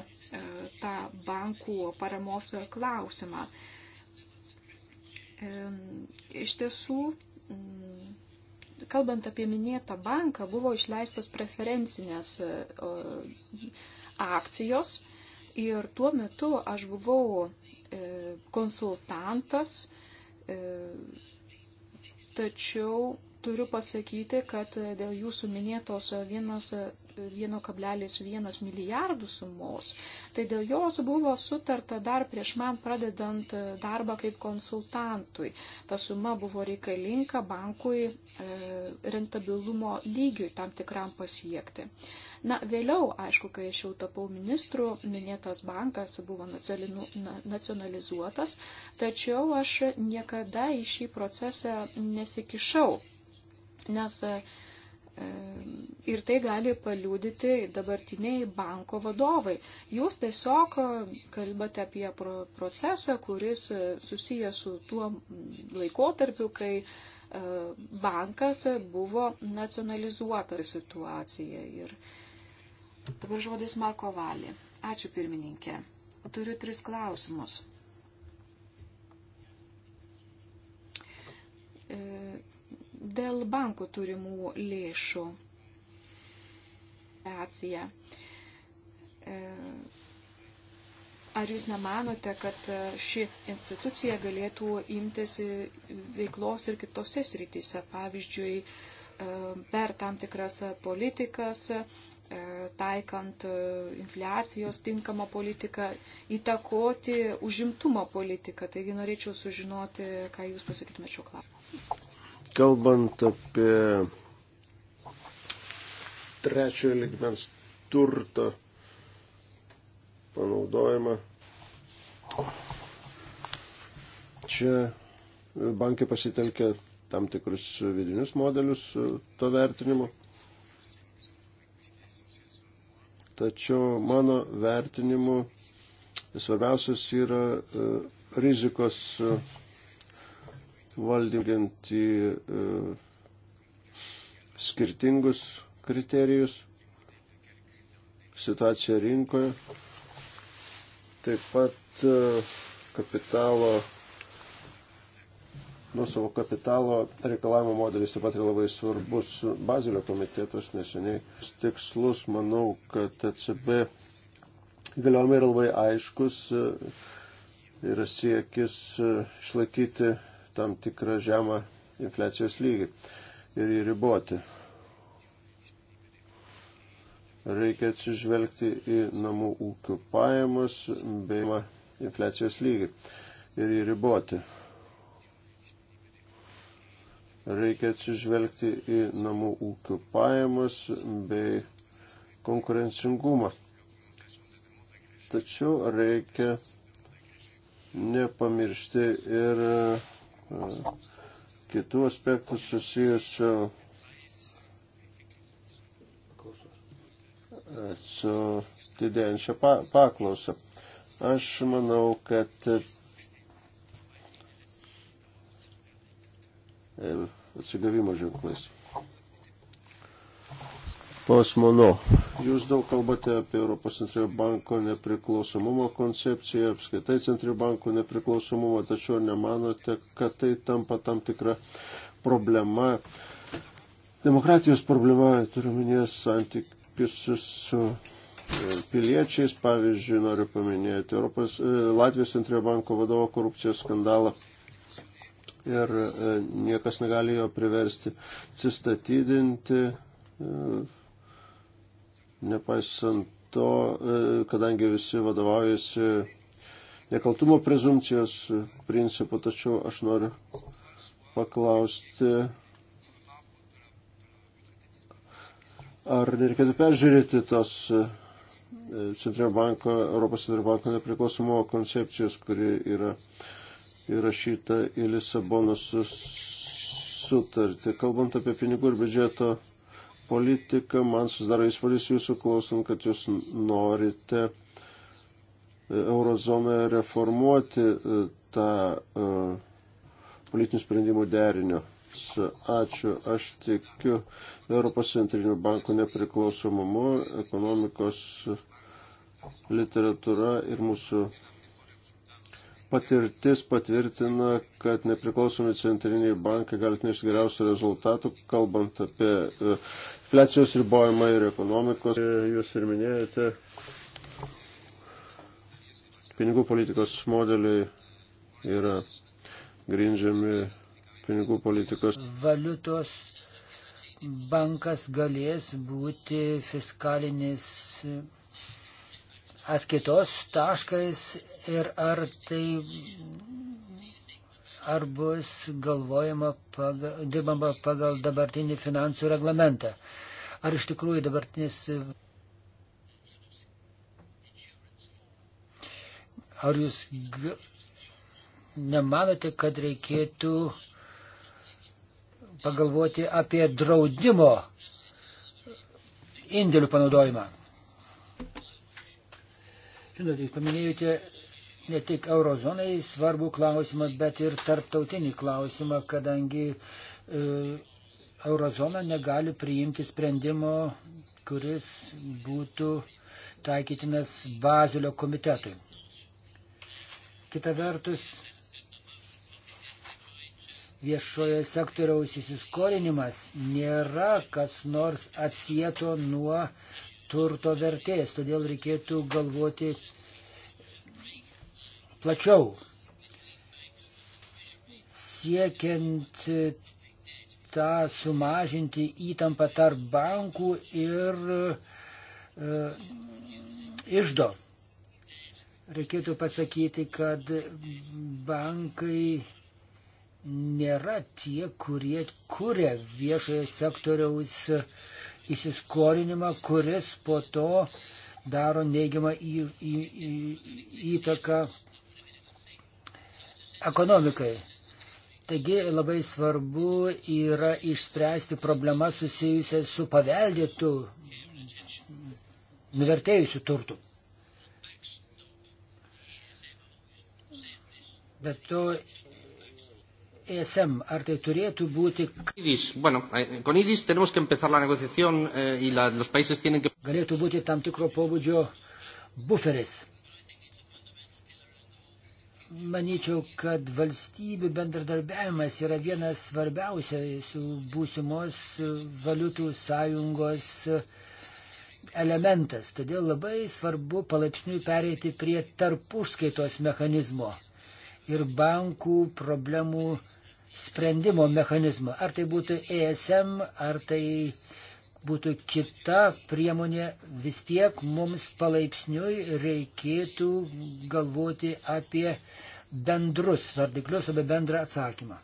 tą bankų paramos klausimą. Iš tiesų, kalbant apie minėtą banką, buvo išleistos preferencinės akcijos Ir tuo metu aš buvau e, konsultantas, e, tačiau turiu pasakyti, kad dėl jūsų minėtos 1,1 milijardų sumos, tai dėl jos buvo sutarta dar prieš man pradedant darbą kaip konsultantui. Ta suma buvo reikalinga bankui e, rentabilumo lygiui tam tikram pasiekti. Na, vėliau, aišku, kai aš jau tapau ministru, minėtas bankas buvo nacionalizuotas, tačiau aš niekada į šį procesą nesikišau, nes e, Ir tai gali paliūdyti dabartiniai banko vadovai. Jūs tiesiog kalbate apie procesą, kuris susijęs su tuo laikotarpiu, kai e, bankas buvo nacionalizuotas situacija. Ir Dabar žodis Marko Valį. Ačiū pirmininkė. Turiu tris klausimus. E, dėl bankų turimų lėšų. Acija. E, ar jūs nemanote, kad ši institucija galėtų imtis veiklos ir kitose srityse, pavyzdžiui, e, per tam tikras politikas, E, taikant e, infliacijos tinkamą politiką, įtakoti užimtumo politiką. Taigi norėčiau sužinoti, ką Jūs pasakytumėte šiuo klausimu. Kalbant apie trečiojo ligmens turto panaudojimą, čia bankai pasitelkia tam tikrus vidinius modelius to vertinimo Tačiau mano vertinimu svarbiausias yra e, rizikos e, valdymint į e, skirtingus kriterijus, situaciją rinkoje, taip pat kapitalo nuo savo kapitalo reikalavimo modelis taip pat yra labai svarbus. Bazilio komitetas neseniai tikslus, manau, kad ECB galiojimai yra labai aiškus ir siekis išlaikyti tam tikrą žemą infliacijos lygį ir jį riboti. Reikia atsižvelgti į namų ūkių pajamas bei infliacijos lygį ir jį riboti reikia atsižvelgti į namų ūkių pajamas bei konkurencingumą. Tačiau reikia nepamiršti ir e, kitų aspektų susijusių su didėjančia paklausa. Aš manau, kad atsigavimo ženklais. Pas mano, jūs daug kalbate apie Europos centrinio banko nepriklausomumo koncepciją, apskaitai centrinio banko nepriklausomumo, tačiau nemanote, kad tai tampa tam tikra problema, demokratijos problema, turiu minės santykius su e, piliečiais, pavyzdžiui, noriu paminėti Europos, e, Latvijos centrinio banko vadovo korupcijos skandalą ir e, niekas negali jo priversti atsistatydinti, e, nepaisant to, e, kadangi visi vadovaujasi nekaltumo prezumcijos principu, tačiau aš noriu paklausti, ar nereikėtų peržiūrėti tos Centrinio banko, Europos Centrinio banko nepriklausomo koncepcijos, kuri yra uh, įrašyta į Lisabonos sutartį. Kalbant apie pinigų ir biudžeto politiką, man susidaro įspūdis jūsų klausant, kad jūs norite e, eurozonoje reformuoti e, tą e, politinių sprendimų derinio. Ačiū, aš tikiu Europos centrinių bankų nepriklausomumu, ekonomikos literatūra ir mūsų patirtis patvirtina, kad nepriklausomi centriniai bankai gali atnešti geriausių rezultatų, kalbant apie e, infliacijos ribojimą ir ekonomikos. E, jūs ir minėjote, pinigų politikos modeliai yra grindžiami pinigų politikos. Valiutos bankas galės būti fiskalinis atskaitos taškais ir ar tai ar bus galvojama pagal, dirbama pagal dabartinį finansų reglamentą. Ar iš tikrųjų dabartinis. Ar jūs g... nemanote, kad reikėtų pagalvoti apie draudimo indėlių panaudojimą? Žinote, paminėjote ne tik eurozonai svarbų klausimą, bet ir tarptautinį klausimą, kadangi e, eurozona negali priimti sprendimo, kuris būtų taikytinas Bazilio komitetui. Kita vertus, viešojo sektoriaus įsiskolinimas nėra kas nors atsieto nuo turto vertės, todėl reikėtų galvoti plačiau. Siekiant tą sumažinti įtampą tarp bankų ir e, išdo. Reikėtų pasakyti, kad bankai nėra tie, kurie kuria viešojo sektoriaus įsiskolinimą, kuris po to daro neigiamą į, į, į, įtaką ekonomikai. Taigi labai svarbu yra išspręsti problemą susijusią su paveldėtų nuvertėjusių turtų. Bet to ESM, ar tai turėtų būti... IDIS, bueno, eh, con IDIS tenemos que empezar la negociación eh, y la, los países tienen que... Galėtų būti tam tikro pobūdžio buferis. Manyčiau, kad valstybių bendradarbiavimas yra vienas svarbiausių būsimos valiutų sąjungos elementas. Todėl labai svarbu palaipsniui pereiti prie tarpuskaitos mechanizmo ir bankų problemų sprendimo mechanizmą. Ar tai būtų ESM, ar tai būtų kita priemonė, vis tiek mums palaipsniui reikėtų galvoti apie bendrus vardiklius, apie bendrą atsakymą.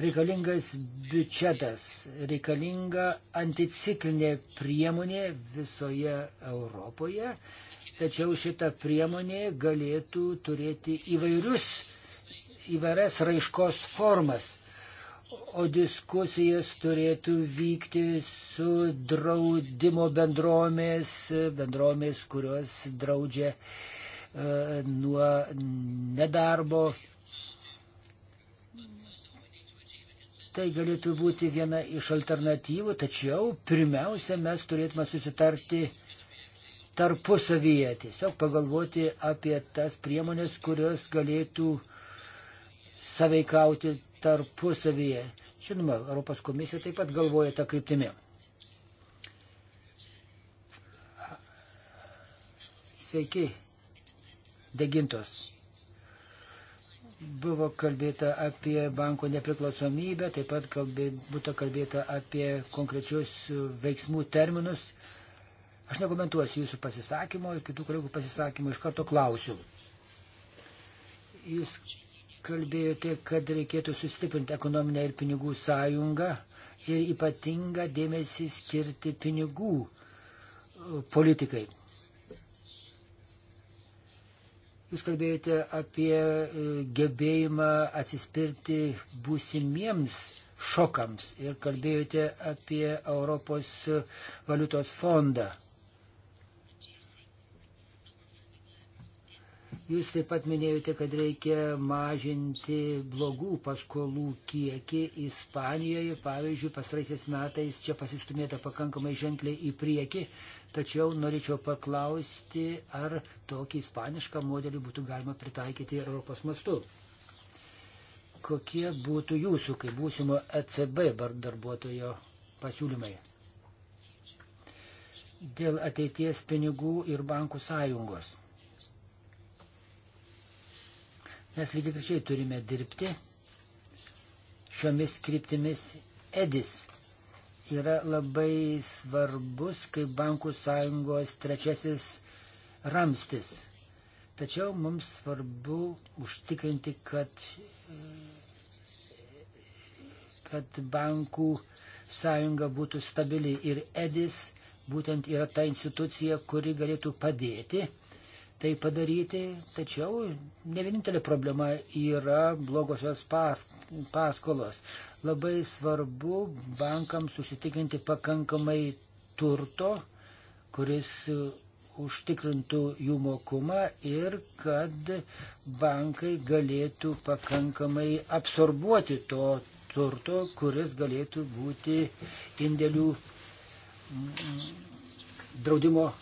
Reikalingas biudžetas, reikalinga anticiklinė priemonė visoje Europoje, tačiau šita priemonė galėtų turėti įvairius įvairias raiškos formas, o diskusijas turėtų vykti su draudimo bendromis, bendromis, kurios draudžia e, nuo nedarbo. Tai galėtų būti viena iš alternatyvų, tačiau pirmiausia, mes turėtume susitarti tarpusavyje, tiesiog pagalvoti apie tas priemonės, kurios galėtų uh, saveikauti tarpusavyje. Žinoma, Europos komisija taip pat galvoja tą kryptimį. Sveiki, degintos. Buvo kalbėta apie banko nepriklausomybę, taip pat kalbė, būtų kalbėta apie konkrečius veiksmų terminus. Aš nekomentuosiu jūsų pasisakymo ir kitų kolegų pasisakymo, iš karto klausiu. Jūs kalbėjote, kad reikėtų sustiprinti ekonominę ir pinigų sąjungą ir ypatingą dėmesį skirti pinigų e, politikai. Jūs kalbėjote apie e, gebėjimą atsispirti būsimiems šokams ir kalbėjote apie Europos valiutos fondą. Jūs taip pat minėjote, kad reikia mažinti blogų paskolų kiekį. Ispanijoje, pavyzdžiui, pasraisiais metais čia pasistumėta pakankamai ženkliai į priekį, tačiau norėčiau paklausti, ar tokį ispanišką modelį būtų galima pritaikyti Europos mastu. Kokie būtų jūsų, kaip būsimo ECB darbuotojo pasiūlymai? Dėl ateities pinigų ir bankų sąjungos. Mes lygiai grečiai turime dirbti šiomis kryptimis. Edis yra labai svarbus kaip bankų sąjungos trečiasis ramstis. Tačiau mums svarbu užtikrinti, kad, kad bankų sąjunga būtų stabili ir Edis būtent yra ta institucija, kuri galėtų padėti tai padaryti, tačiau ne vienintelė problema yra blogosios pas, paskolos. Labai svarbu bankams užsitikinti pakankamai turto, kuris užtikrintų jų mokumą ir kad bankai galėtų pakankamai absorbuoti to turto, kuris galėtų būti indėlių mm, draudimo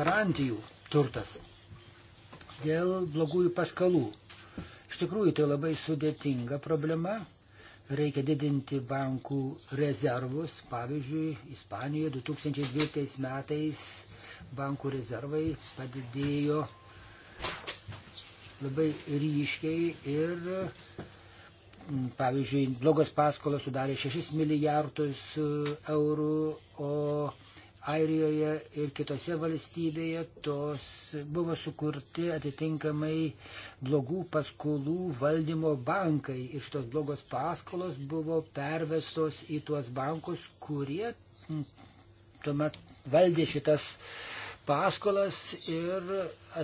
garantijų turtas dėl blogųjų paskalų. Iš tikrųjų, tai labai sudėtinga problema. Reikia didinti bankų rezervus. Pavyzdžiui, Ispanijoje 2012 metais bankų rezervai padidėjo labai ryškiai ir, pavyzdžiui, blogos paskolos sudarė 6 milijardus eurų, o Airijoje ir kitose valstybėje tos buvo sukurti atitinkamai blogų paskolų valdymo bankai. Ir šitos blogos paskolos buvo pervestos į tuos bankus, kurie tuomet valdė šitas paskolas ir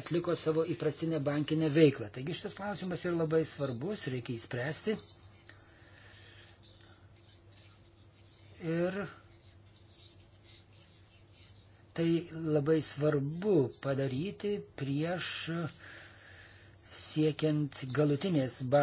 atliko savo įprastinę bankinę veiklą. Taigi šitas klausimas yra labai svarbus, reikia įspręsti. Ir Tai labai svarbu padaryti prieš siekiant galutinės banko.